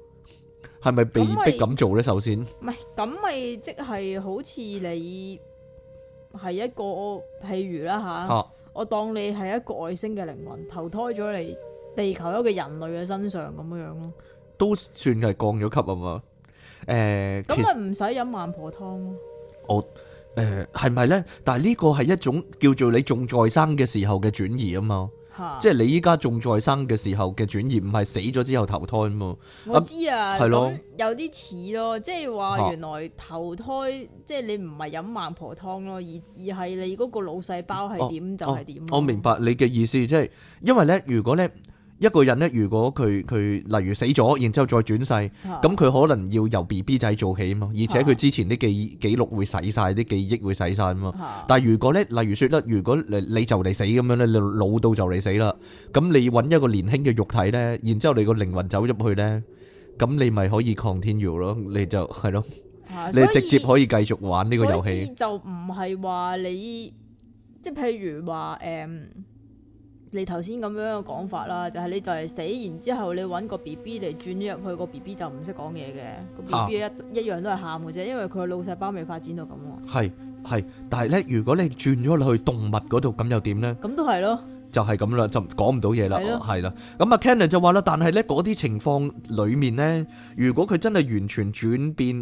係咪被迫咁做咧？首先，唔係咁咪即係好似你係一個譬如啦吓，我當你係一個外星嘅靈魂投胎咗嚟地球一個人類嘅身上咁樣樣咯，都算係降咗級啊嘛。誒，咁咪唔使飲孟婆湯咯。我誒係咪咧？但係呢個係一種叫做你仲在生嘅時候嘅轉移啊嘛。即係你依家仲在生嘅時候嘅轉移，唔係死咗之後投胎嘛？我知啊，係咯，有啲似咯，即係話原來投胎，啊、即係你唔係飲孟婆湯咯，而而係你嗰個腦細胞係點就係點，啊啊。我明白你嘅意思，即係因為咧，如果咧一個人咧，如果佢佢例如死咗，然之後再轉世，咁佢是的 可能要由 B B 仔做起啊嘛。而且佢之前啲記是的 記錄會洗晒，啲記憶會洗晒啊嘛。是的 但係如果咧，例如説咧，如果你就嚟死咁樣咧，你老到就嚟死啦。咁你揾一個年輕嘅肉體咧，然之後你個靈魂走入去咧，咁你咪可以 continue 咯。你就係咯，的你直接可以繼續玩呢個遊戲。就唔係話你，即係譬如話誒。嗯你頭先咁樣嘅講法啦，就係你就係死，然之後你揾個 B B 嚟，轉咗入去，個 B B 就唔識講嘢嘅，個 B B 一一樣都係喊嘅啫，因為佢腦細胞未發展到咁喎。係係，但係咧，如果你轉咗落去動物嗰度，咁又點咧？咁都係咯，就係咁啦，就講唔到嘢啦，係啦。咁啊，Cannon 就話啦，但係咧嗰啲情況裡面咧，如果佢真係完全轉變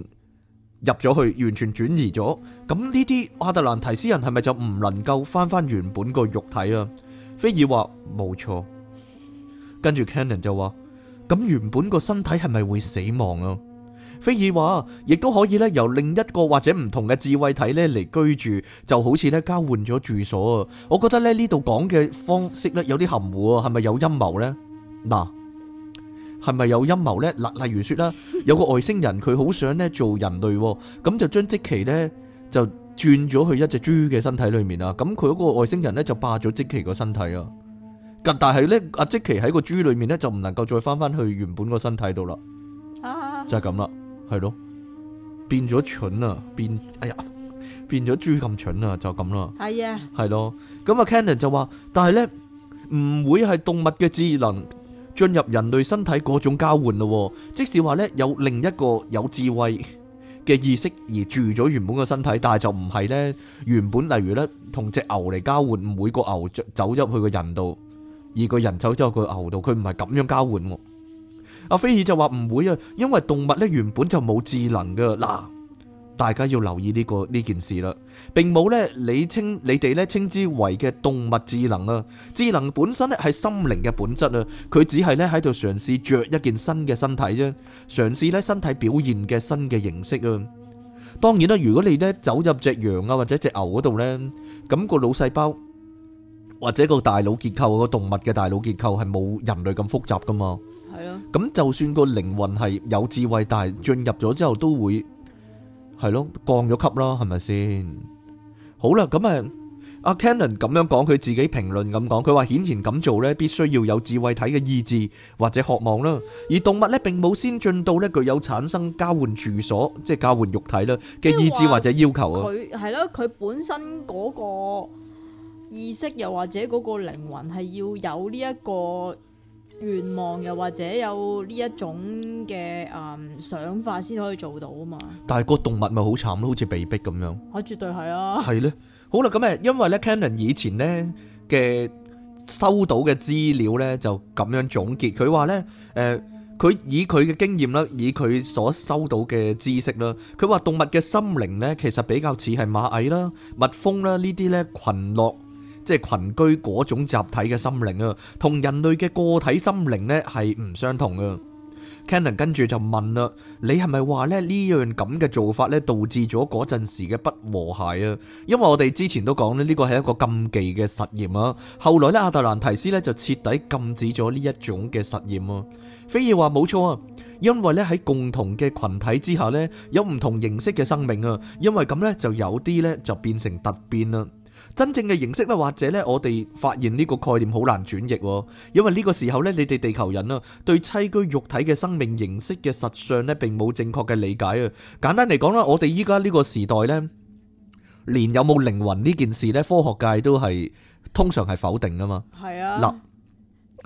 入咗去，完全轉移咗，咁呢啲阿特蘭堤斯人係咪就唔能夠翻翻原本個肉體啊？菲爾話冇錯，跟住 Cannon 就話咁原本個身體係咪會死亡啊？菲爾話亦都可以咧由另一個或者唔同嘅智慧體咧嚟居住，就好似咧交換咗住所啊！我覺得咧呢度講嘅方式咧有啲含糊啊，係咪有陰謀呢？嗱，係咪有陰謀呢？嗱，例如說啦，有個外星人佢好想咧做人類，咁就將即期咧就。轉咗去一隻豬嘅身體裏面啦，咁佢嗰個外星人咧就霸咗即奇個身體啊，咁但係咧阿即奇喺個豬裏面咧就唔能夠再翻翻去原本個身體度啦，就係咁啦，係咯，變咗蠢啊，變哎呀，變咗豬咁蠢啊，就咁啦，係啊，係咯，咁啊 Cannon 就話，但係咧唔會係動物嘅智能進入人類身體嗰種交換咯，即使話咧有另一個有智慧。嘅意識而住咗原本個身體，但係就唔係咧原本，例如咧同隻牛嚟交換，每個牛走走入去個人度，而個人走咗去個牛度，佢唔係咁樣交換喎。阿菲爾就話唔會啊，因為動物咧原本就冇智能㗎喇。大家要留意呢個呢件事啦，並冇咧你稱你哋咧稱之為嘅動物智能啦，智能本身咧係心靈嘅本質啊，佢只係咧喺度嘗試着一件新嘅身體啫，嘗試咧身體表現嘅新嘅形式啊。當然啦，如果你咧走入隻羊啊或者隻牛嗰度咧，咁個腦細胞或者個大腦結構，個動物嘅大腦結構係冇人類咁複雜㗎嘛。係咯。咁就算個靈魂係有智慧，但係進入咗之後都會。係咯，降咗級咯，係咪先？好啦，咁啊，阿 Cannon 咁樣講，佢自己評論咁講，佢話顯然咁做咧，必須要有智慧體嘅意志或者渴望啦。而動物咧並冇先進到咧具有產生交換住所，即係交換肉體啦嘅意志或者要求啊。佢係咯，佢本身嗰個意識又或者嗰個靈魂係要有呢一個。願望又或者有呢一種嘅誒想法先可以做到啊嘛，但係個動物咪好慘咯，好似被逼咁樣。啊絕對係啊，係咧。好啦，咁誒，因為咧，Cannon 以前咧嘅收到嘅資料咧，就咁樣總結。佢話咧，誒，佢以佢嘅經驗啦，以佢所收到嘅知識啦，佢話動物嘅心靈咧，其實比較似係螞蟻啦、蜜蜂啦呢啲咧羣落。即係群居嗰種集體嘅心靈啊，同人類嘅個體心靈咧係唔相同啊。Cannon 跟住就問啦：你係咪話咧呢樣咁嘅做法咧導致咗嗰陣時嘅不和諧啊？因為我哋之前都講咧，呢個係一個禁忌嘅實驗啊。後來咧，阿特蘭堤斯咧就徹底禁止咗呢一種嘅實驗啊。菲爾話冇錯啊，因為咧喺共同嘅群體之下咧，有唔同形式嘅生命啊。因為咁咧，就有啲咧就變成突變啦。真正嘅形式咧，或者咧，我哋發現呢個概念好難轉譯，因為呢個時候呢，你哋地球人啊，對棲居肉體嘅生命形式嘅實相呢，並冇正確嘅理解啊。簡單嚟講啦，我哋依家呢個時代呢，連有冇靈魂呢件事呢，科學界都係通常係否定噶嘛係啊。嗱。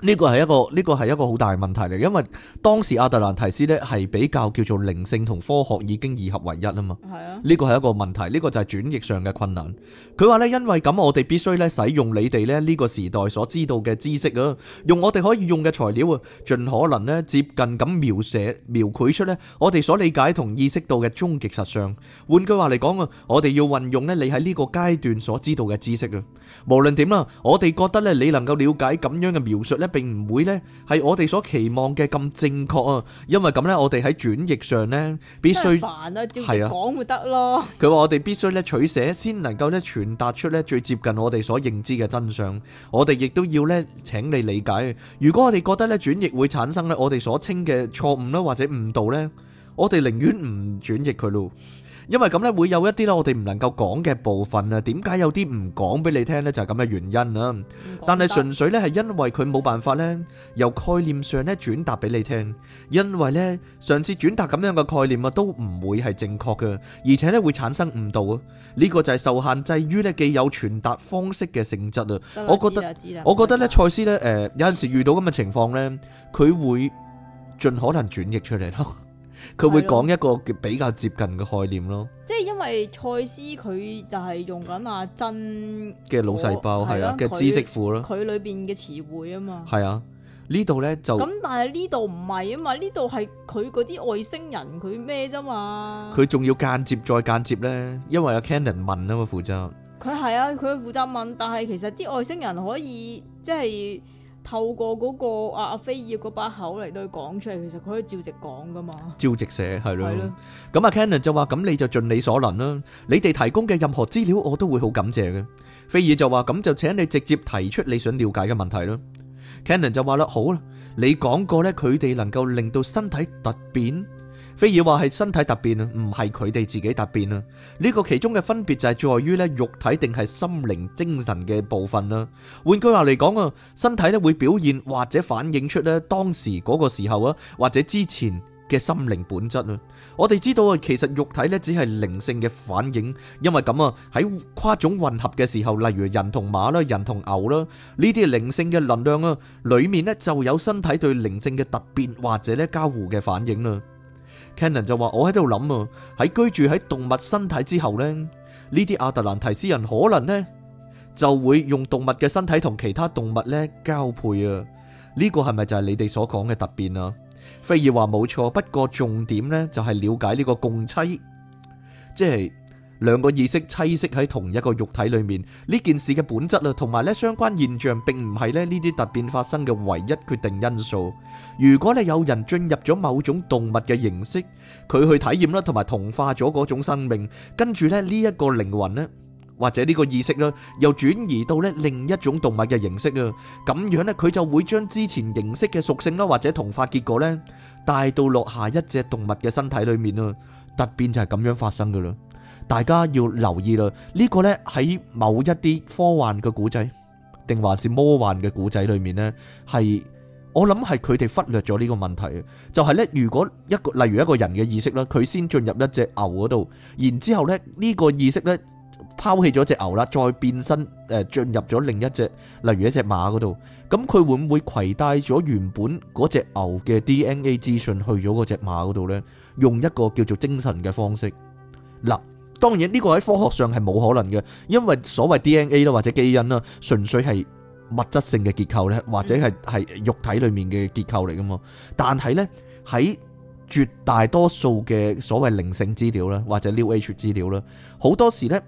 呢個係一個呢個係一個好大問題嚟，因為當時阿特蘭提斯咧係比較叫做靈性同科學已經二合為一啊嘛。係啊，呢個係一個問題，呢個就係轉譯上嘅困難。佢話呢，因為咁我哋必須咧使用你哋咧呢個時代所知道嘅知識啊，用我哋可以用嘅材料啊，盡可能呢接近咁描寫、描繪出呢我哋所理解同意識到嘅終極實相。換句話嚟講啊，我哋要運用呢你喺呢個階段所知道嘅知識啊，無論點啦，我哋覺得呢你能夠了解咁樣嘅描述。並唔會咧，係我哋所期望嘅咁正確啊！因為咁呢，啊啊、我哋喺轉譯上咧，必須係啊講咪得咯。佢話我哋必須咧取捨，先能夠咧傳達出咧最接近我哋所認知嘅真相。我哋亦都要咧，請你理解。如果我哋覺得咧轉譯會產生咧我哋所稱嘅錯誤啦，或者誤導呢，我哋寧願唔轉譯佢咯。因為咁咧，會有一啲咧，我哋唔能夠講嘅部分啊，點解有啲唔講俾你聽咧，就係咁嘅原因啊。但係純粹咧，係因為佢冇辦法咧，由概念上咧轉達俾你聽。因為咧，上次轉達咁樣嘅概念啊，都唔會係正確嘅，而且咧會產生誤導啊。呢個就係受限制於咧既有傳達方式嘅性質啊。我覺得，我覺得咧，賽斯咧，誒，有陣時遇到咁嘅情況咧，佢會盡可能轉譯出嚟咯。佢會講一個比較接近嘅概念咯，即係因為賽斯，佢就係用緊阿珍嘅腦細胞，係啊嘅知識庫咯，佢裏邊嘅詞彙啊嘛，係啊呢度咧就咁，但係呢度唔係啊嘛，呢度係佢嗰啲外星人佢咩啫嘛，佢仲要間接再間接咧，因為阿 Cannon 問啊嘛負責，佢係啊佢負責問，但係其實啲外星人可以即係。透過嗰個啊阿菲爾嗰把口嚟對佢講出嚟，其實佢可以照直講㗎嘛。照直寫係咯。咁阿 Cannon 就話：咁你就盡你所能啦。你哋提供嘅任何資料我都會好感謝嘅。菲爾就話：咁就請你直接提出你想了解嘅問題啦。Cannon 就話啦：好啦，你講過咧，佢哋能夠令到身體突變。菲爾話係身體突變啊，唔係佢哋自己突變啊。呢個其中嘅分別就係在於咧，肉體定係心靈精神嘅部分啦。換句話嚟講啊，身體咧會表現或者反映出咧當時嗰個時候啊，或者之前嘅心靈本質啊。我哋知道啊，其實肉體咧只係靈性嘅反應，因為咁啊，喺跨種混合嘅時候，例如人同馬啦，人同牛啦，呢啲靈性嘅能量啊，裏面咧就有身體對靈性嘅突變或者咧交互嘅反應啦。Cannon 就話：我喺度諗啊，喺居住喺動物身體之後呢，呢啲亞特蘭提斯人可能呢就會用動物嘅身體同其他動物咧交配啊！呢個係咪就係你哋所講嘅突變啊？菲爾話冇錯，不過重點呢就係了解呢個共妻，即係。兩個意識棲息喺同一個肉體裏面，呢件事嘅本質啊，同埋咧相關現象，並唔係咧呢啲突變發生嘅唯一決定因素。如果你有人進入咗某種動物嘅形式，佢去體驗啦，同埋同化咗嗰種生命，跟住咧呢一個靈魂咧，或者呢個意識咧，又轉移到咧另一種動物嘅形式啊，咁樣咧佢就會將之前形式嘅屬性啦，或者同化結果咧，帶到落下一隻動物嘅身體裏面啊，突變就係咁樣發生噶啦。大家要留意啦，呢個呢，喺某一啲科幻嘅古仔，定還是魔幻嘅古仔裏面呢，係我諗係佢哋忽略咗呢個問題。就係呢，如果一個例如一個人嘅意識啦，佢先進入一隻牛嗰度，然之後呢，呢個意識呢，拋棄咗隻牛啦，再變身誒進入咗另一隻，例如一隻馬嗰度，咁佢會唔會攜帶咗原本嗰隻牛嘅 DNA 資訊去咗嗰隻馬嗰度呢？用一個叫做精神嘅方式嗱。當然呢個喺科學上係冇可能嘅，因為所謂 DNA 啦，或者基因啦，純粹係物質性嘅結構咧，或者係係肉體裏面嘅結構嚟噶嘛。但係咧，喺絕大多數嘅所謂靈性資料啦，或者 New Age 資料啦，好多時咧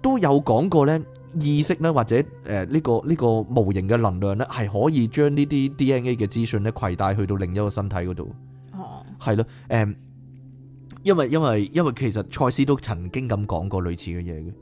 都有講過咧，意識咧或者誒呢個呢個無形嘅能量咧係可以將呢啲 DNA 嘅資訊咧攜帶去到另一個身體嗰度。哦，係咯，誒。因為因為因為其實賽斯都曾經咁講過類似嘅嘢嘅，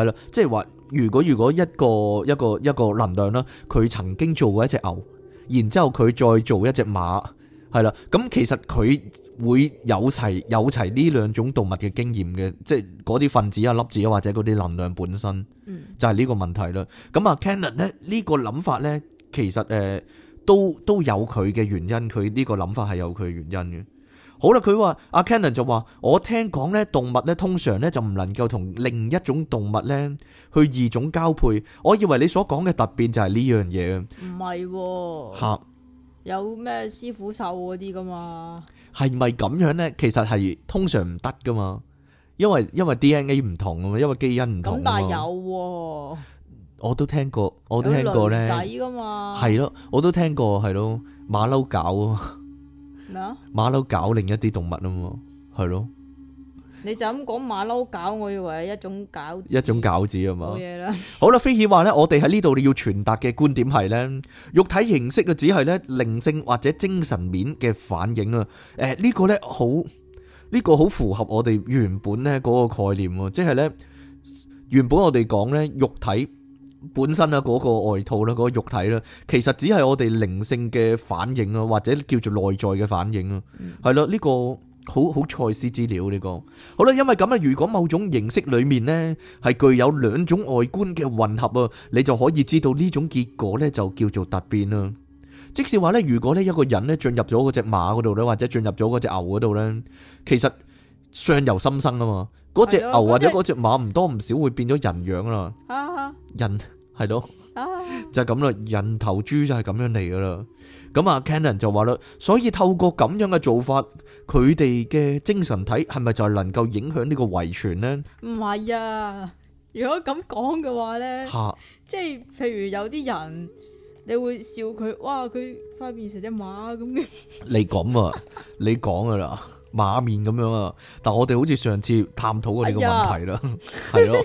係啦，即係話如果如果一個一個一個能量啦，佢曾經做過一隻牛，然之後佢再做一隻馬，係啦，咁其實佢會有齊有齊呢兩種動物嘅經驗嘅，即係嗰啲分子啊，粒子啊，或者嗰啲能量本身，嗯、就係呢個問題啦。咁啊 Cannon 呢、呢個諗法呢，其實誒、呃、都都有佢嘅原因，佢呢個諗法係有佢嘅原因嘅。好啦，佢話阿 Kenan 就話：我聽講咧，動物咧通常咧就唔能夠同另一種動物咧去異種交配。我以為你所講嘅突變就係呢樣嘢。唔係喎，嚇有咩師傅獸嗰啲噶嘛？係咪咁樣咧？其實係通常唔得噶嘛，因為因為 DNA 唔同啊嘛，因為基因唔同啊嘛。咁但係有喎，我都聽過，我都聽過咧。仔噶嘛？係咯，我都聽過，係咯，馬騮搞啊。咩啊？馬騮搞另一啲動物啊嘛，係咯？你就咁講馬騮搞，我以為係一種餃一種餃子啊嘛。冇嘢啦。好啦，飛起話咧，我哋喺呢度你要傳達嘅觀點係咧，肉體形式嘅只係咧靈性或者精神面嘅反應啊。誒，呢個咧好呢個好符合我哋原本咧嗰個概念啊，即係咧原本我哋講咧肉體。本身啦，嗰個外套啦，嗰、那個肉體啦，其實只係我哋靈性嘅反應啊，或者叫做內在嘅反應啊，係咯、嗯，呢、這個好好賽斯資料呢個，好啦，因為咁啊，如果某種形式裏面呢係具有兩種外觀嘅混合啊，你就可以知道呢種結果呢就叫做突變啊，即使話呢，如果呢一個人咧進入咗嗰隻馬嗰度咧，或者進入咗嗰隻牛嗰度呢，其實相由心生啊嘛。嗰隻牛或者嗰隻馬唔多唔少會變咗人樣啦，人係咯，就係咁啦，人頭豬就係咁樣嚟噶啦。咁啊，Cannon 就話啦，所以透過咁樣嘅做法，佢哋嘅精神體係咪就係能夠影響呢個遺傳呢？唔係啊，如果咁講嘅話呢，即係譬如有啲人，你會笑佢，哇！佢快變成隻馬咁嘅。你咁啊，你講噶啦。馬面咁樣啊，但我哋好似上次探討過呢個問題啦，係咯。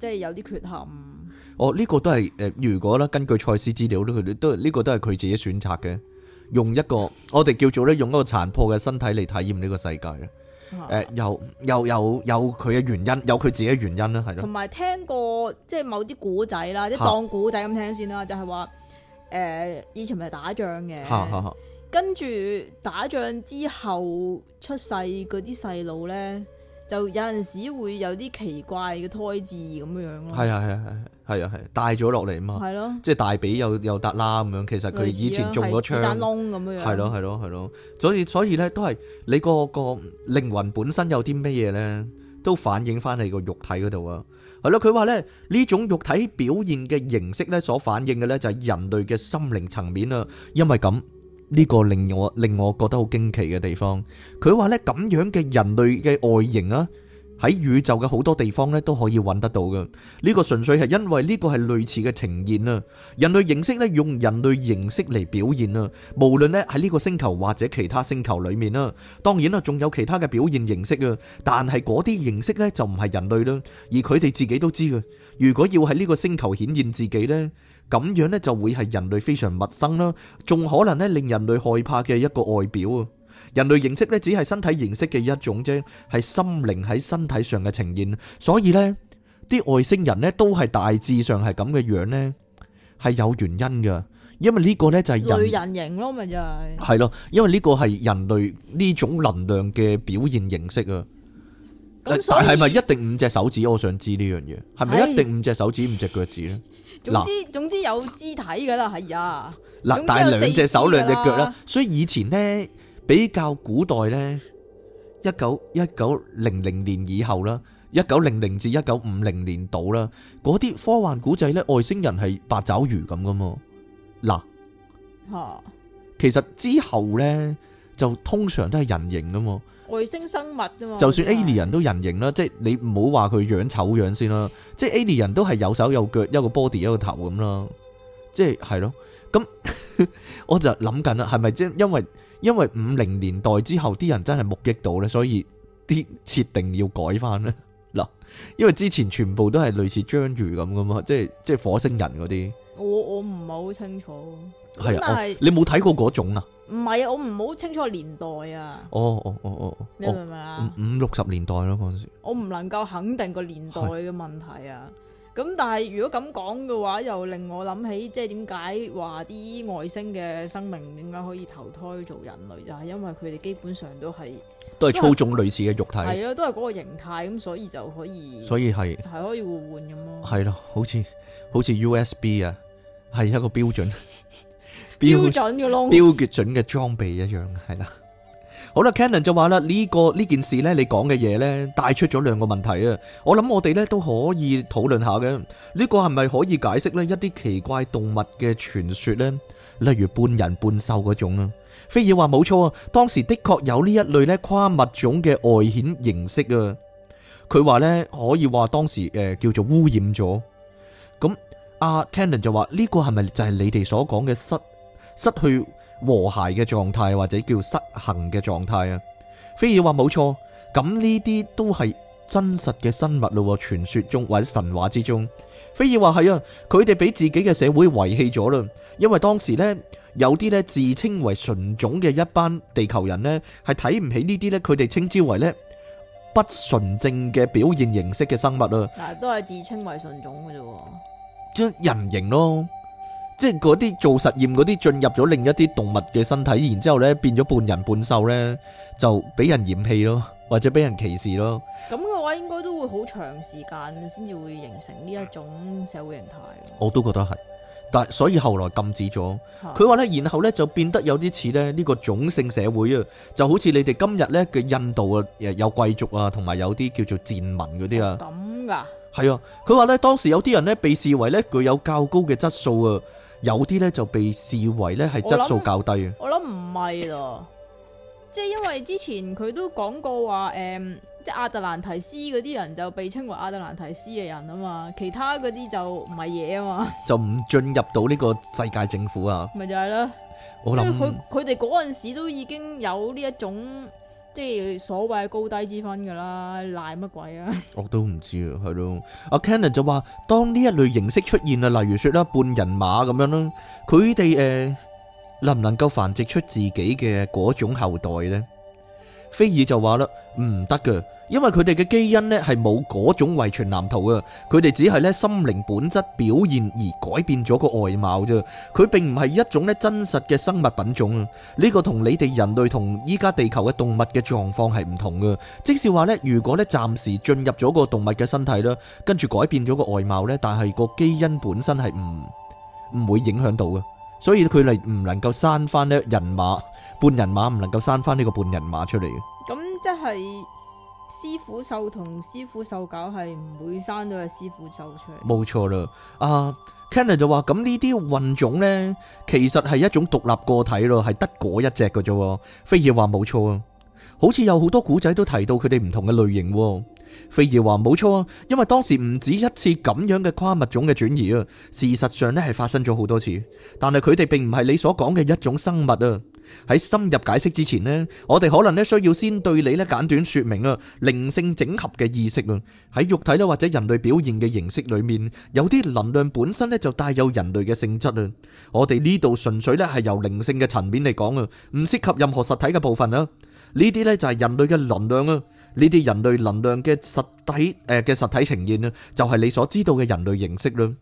即係有啲缺陷。哦，呢、這個都係誒、呃，如果咧根據賽斯資料咧，佢都呢個都係佢自己選擇嘅，用一個我哋叫做咧用一個殘破嘅身體嚟體驗呢個世界咧。誒、 呃，有有有有佢嘅原因，有佢自己嘅原因啦，係咯。同埋聽過即係某啲古仔啦，即係當古仔咁聽先啦，就係話誒以前咪打仗嘅，跟住 打仗之後出世嗰啲細路咧。就有陣時會有啲奇怪嘅胎痣咁樣樣咯，係啊係啊係係啊係，帶咗落嚟啊嘛，係咯，即係大髀又又凸啦咁樣，其實佢以前中咗槍，係啦，係啦，係啦，所以所以咧都係你個個靈魂本身有啲咩嘢咧，都反映翻你個肉體嗰度啊，係咯，佢話咧呢種肉體表現嘅形式咧，所反映嘅咧就係人類嘅心靈層面啊，因為咁。呢個令我令我覺得好驚奇嘅地方，佢話呢，咁樣嘅人類嘅外形啊，喺宇宙嘅好多地方呢都可以揾得到嘅。呢個純粹係因為呢個係類似嘅呈現啊，人類形式呢，用人類形式嚟表現啊，無論呢喺呢個星球或者其他星球裏面啦，當然啦，仲有其他嘅表現形式啊，但係嗰啲形式呢就唔係人類啦，而佢哋自己都知嘅。如果要喺呢個星球顯現自己呢。咁樣咧就會係人類非常陌生啦，仲可能咧令人類害怕嘅一個外表啊！人類形式咧只係身體形式嘅一種啫，係心靈喺身體上嘅呈現。所以咧，啲外星人咧都係大致上係咁嘅樣咧，係有原因噶。因為呢個咧就係人人形咯，咪就係係咯。因為呢個係人類呢種能量嘅表現形式啊。但係咪一定五隻手指？我想知呢樣嘢係咪一定五隻手指、五隻腳趾咧？總之總之有肢體噶啦，係呀。嗱，但係兩隻手、兩隻腳啦，所以以前咧比較古代咧，一九一九零零年以後啦，一九零零至一九五零年度啦，嗰啲科幻古仔咧，外星人係八爪魚咁噶嘛。嗱，哦，其實之後咧就通常都係人形噶嘛。外星生物啫，就算 Alien 都人形啦，即係你唔好話佢樣醜樣先啦，即係 Alien 都係有手有腳 一個 body 一個頭咁啦，即係係咯，咁 我就諗緊啦，係咪即因為因為五零年代之後啲人真係目擊到呢，所以啲設定要改翻呢。嗱， 因為之前全部都係類似章魚咁噶嘛，即係即係火星人嗰啲。我我唔係好清楚，係啊，但係你冇睇過嗰種啊？唔係啊，我唔好清楚年代啊。哦哦哦哦，你明唔明啊？五六十年代咯嗰陣時，我唔能夠肯定個年代嘅問題啊。咁但係如果咁講嘅話，又令我諗起，即係點解話啲外星嘅生命點解可以投胎做人類？就係因為佢哋基本上都係都係操縱類似嘅肉體，係咯，都係嗰個形態，咁所以就可以，所以係係可以互換咁咯？係咯，好似好似 USB 啊。係一個標準，標準嘅窿，標標準嘅裝備一樣，係啦。好啦，Cannon 就話啦，呢個呢件事咧，你講嘅嘢咧，帶出咗兩個問題啊。我諗我哋咧都可以討論下嘅。呢個係咪可以解釋咧一啲奇怪動物嘅傳說咧？例如半人半獸嗰種啊。菲爾話冇錯啊，當時的確有呢一類咧跨物種嘅外顯形式啊。佢話咧，可以話當時誒叫做污染咗咁。啊 k e n n o n 就話呢、這個係咪就係你哋所講嘅失失去和諧嘅狀態，或者叫失衡嘅狀態啊？菲爾話冇錯，咁呢啲都係真實嘅生物咯，傳說中或者神話之中。菲爾話係啊，佢哋俾自己嘅社會遺棄咗啦，因為當時呢，有啲呢自稱為純種嘅一班地球人呢，係睇唔起呢啲呢，佢哋稱之為呢不純正嘅表現形式嘅生物啦。嗱，都係自稱為純種嘅啫。即人形咯，即係嗰啲做實驗嗰啲進入咗另一啲動物嘅身體，然之後咧變咗半人半獸咧，就俾人嫌棄咯，或者俾人歧視咯。咁嘅話應該都會好長時間先至會形成呢一種社會形態。我都覺得係，但係所以後來禁止咗。佢話咧，然後咧就變得有啲似咧呢個種姓社會啊，就好似你哋今日咧嘅印度啊，誒有貴族啊，同埋有啲叫做賤民嗰啲啊。咁噶？係啊，佢話咧，當時有啲人咧被視為咧具有較高嘅質素啊，有啲咧就被視為咧係質素較低啊。我諗唔係咯，即係因為之前佢都講過話，誒、嗯，即係亞特蘭提斯嗰啲人就被稱為亞特蘭提斯嘅人啊嘛，其他嗰啲就唔係嘢啊嘛，就唔進入到呢個世界政府啊，咪就係啦，我諗佢佢哋嗰陣時都已經有呢一種。即係所謂高低之分㗎啦，賴乜鬼啊？我都唔知啊，係咯。阿 Kenneth 就話：當呢一類形式出現啊，例如説啦，半人馬咁樣啦，佢哋誒能唔能夠繁殖出自己嘅嗰種後代咧？菲爾就話啦：唔得㗎。因為佢哋嘅基因呢係冇嗰種遺傳藍圖啊，佢哋只係呢心靈本質表現而改變咗個外貌啫。佢並唔係一種呢真實嘅生物品種啊。呢個同你哋人類同依家地球嘅動物嘅狀況係唔同嘅，即是話呢，如果呢暫時進入咗個動物嘅身體啦，跟住改變咗個外貌呢，但係個基因本身係唔唔會影響到嘅，所以佢哋唔能夠生翻呢人馬半人馬，唔能夠生翻呢個半人馬出嚟嘅。咁即係。師傅獸同師傅獸狗係唔會生到阿師傅獸出嚟，冇錯啦。阿 Ken 就話咁呢啲混種呢，其實係一種獨立個體咯，係得嗰一隻嘅啫。菲爾話冇錯啊，好似有好多古仔都提到佢哋唔同嘅類型。菲爾話冇錯啊，因為當時唔止一次咁樣嘅跨物種嘅轉移啊，事實上呢係發生咗好多次，但係佢哋並唔係你所講嘅一種生物啊。喺深入解釋之前呢，我哋可能咧需要先對你咧簡短說明啊靈性整合嘅意識啊喺肉體咧或者人類表現嘅形式裏面，有啲能量本身咧就帶有人類嘅性質啊。我哋呢度純粹咧係由靈性嘅層面嚟講啊，唔涉及任何實體嘅部分啊。呢啲咧就係人類嘅能量啊，呢啲人類能量嘅實體誒嘅實體呈現啊，就係你所知道嘅人類形式啦。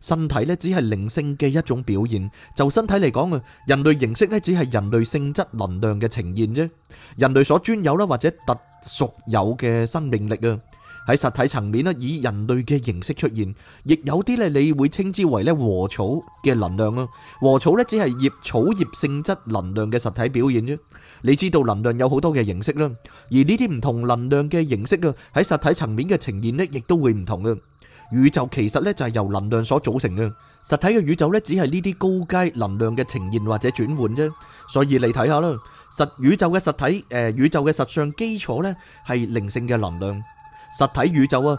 身體咧只係靈性嘅一種表現，就身體嚟講啊，人類形式咧只係人類性質能量嘅呈現啫。人類所專有啦或者特屬有嘅生命力啊，喺實體層面啦以人類嘅形式出現，亦有啲咧你會稱之為咧禾草嘅能量啊。禾草咧只係葉草葉性質能量嘅實體表現啫。你知道能量有好多嘅形式啦，而呢啲唔同能量嘅形式啊喺實體層面嘅呈現咧亦都會唔同嘅。宇宙其實咧就係由能量所組成嘅，實體嘅宇宙咧只係呢啲高階能量嘅呈現或者轉換啫，所以你睇下啦，實宇宙嘅實體，誒、呃，宇宙嘅實相基礎咧係靈性嘅能量，實體宇宙啊。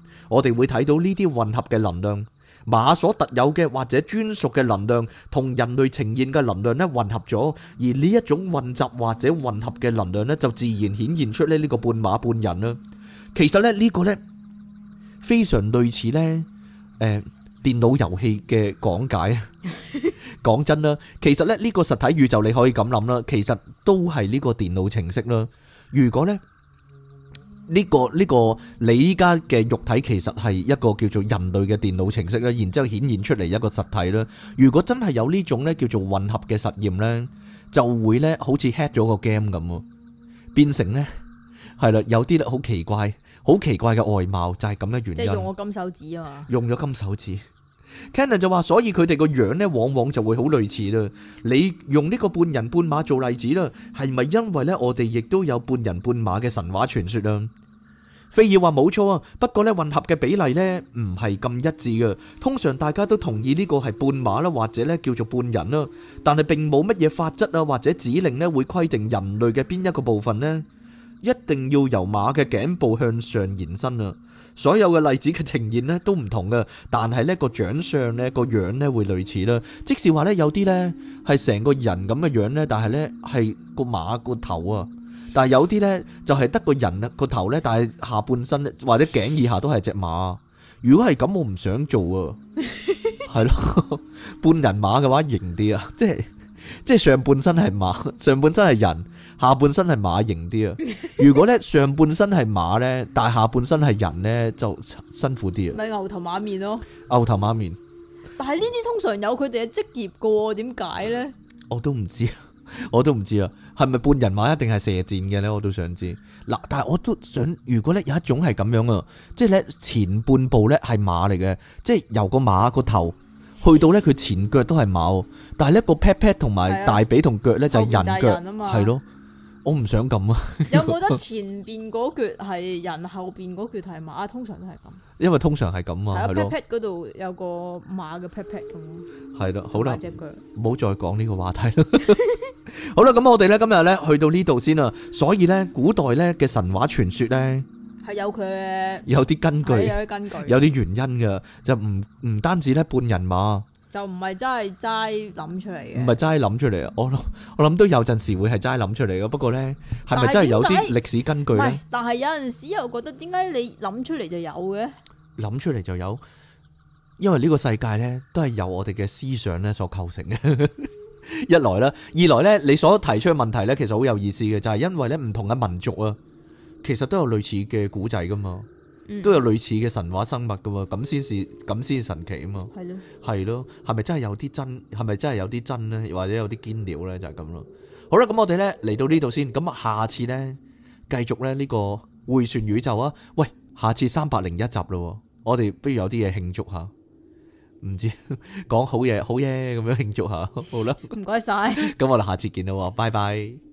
我哋會睇到呢啲混合嘅能量，馬所特有嘅或者專屬嘅能量，同人類呈現嘅能量呢混合咗，而呢一種混雜或者混合嘅能量呢，就自然顯現出呢呢個半馬半人啦。其實咧呢個呢非常類似呢，誒電腦遊戲嘅講解。講真啦，其實咧呢個實體宇宙你可以咁諗啦，其實都係呢個電腦程式啦。如果呢。呢個呢個，你依家嘅肉體其實係一個叫做人類嘅電腦程式咧，然之後顯現出嚟一個實體咧。如果真係有呢種咧叫做混合嘅實驗咧，就會咧好似 hack 咗個 game 咁，變成呢，係啦，有啲好奇怪、好奇怪嘅外貌，就係咁嘅原因。即係用我金手指啊嘛！用咗金手指。Cannon 就話，所以佢哋個樣呢，往往就會好類似啦。你用呢個半人半馬做例子啦，係咪因為呢？我哋亦都有半人半馬嘅神話傳說啊？菲爾話冇錯啊，不過呢混合嘅比例呢，唔係咁一致噶。通常大家都同意呢個係半馬啦，或者呢叫做半人啦，但係並冇乜嘢法則啊或者指令呢會規定人類嘅邊一個部分呢，一定要由馬嘅頸部向上延伸啊。所有嘅例子嘅呈現咧都唔同嘅，但係咧個長相咧個樣咧會類似啦。即使話咧有啲咧係成個人咁嘅樣咧，但係咧係個馬個頭啊。但係有啲咧就係得個人啊個頭咧，但係下半身或者頸以下都係隻馬。如果係咁，我唔想做啊。係咯， 半人馬嘅話型啲啊，即係。即係上半身係馬，上半身係人，下半身係馬型啲啊！ 如果咧上半身係馬咧，但係下半身係人咧，就辛苦啲啊！咪牛頭馬面咯，牛頭馬面。但係呢啲通常有佢哋嘅職業噶，點解咧？我都唔知啊，我都唔知啊！係咪半人馬一定係射箭嘅咧？我都想知。嗱，但係我都想，如果咧有一種係咁樣啊，即係咧前半部咧係馬嚟嘅，即係由個馬個頭。去到咧，佢前腳都係馬，但係呢個 pat pat 同埋大髀同腳咧就係人腳啊嘛？係咯，我唔想咁啊！有冇得前邊嗰橛係人，後邊嗰橛係馬？通常都係咁，因為通常係咁啊，係咯。pat pat 嗰度有個馬嘅 pat pat 咁咯，係咯，好啦，唔好再講呢個話題啦。好啦，咁我哋咧今日咧去到呢度先啦，所以咧古代咧嘅神話傳說咧。係有佢嘅有啲根據，有啲根據，有啲原因嘅，就唔唔單止咧半人馬，就唔係真係齋諗出嚟嘅，唔係齋諗出嚟啊！我諗我諗都有陣時會係齋諗出嚟咯。不過咧，係咪真係有啲歷史根據咧？但係有陣時又覺得，點解你諗出嚟就有嘅？諗出嚟就有，因為呢個世界咧都係由我哋嘅思想咧所構成嘅。 一來啦，二來咧，你所提出嘅問題咧，其實好有意思嘅，就係因為咧唔同嘅民族啊。其實都有類似嘅古仔噶嘛，嗯、都有類似嘅神話生物噶喎，咁先至咁先神奇啊嘛。係咯的，係咯，係咪真係有啲真？係咪真係有啲真咧？或者有啲堅料咧？就係咁咯。好啦，咁我哋咧嚟到呢度先，咁啊，下次咧繼續咧、這、呢個回旋宇宙啊。喂，下次三百零一集咯，我哋不如有啲嘢慶祝下。唔知講好嘢好嘢咁樣慶祝下，好啦。唔該晒。咁 我哋下次見到，拜拜。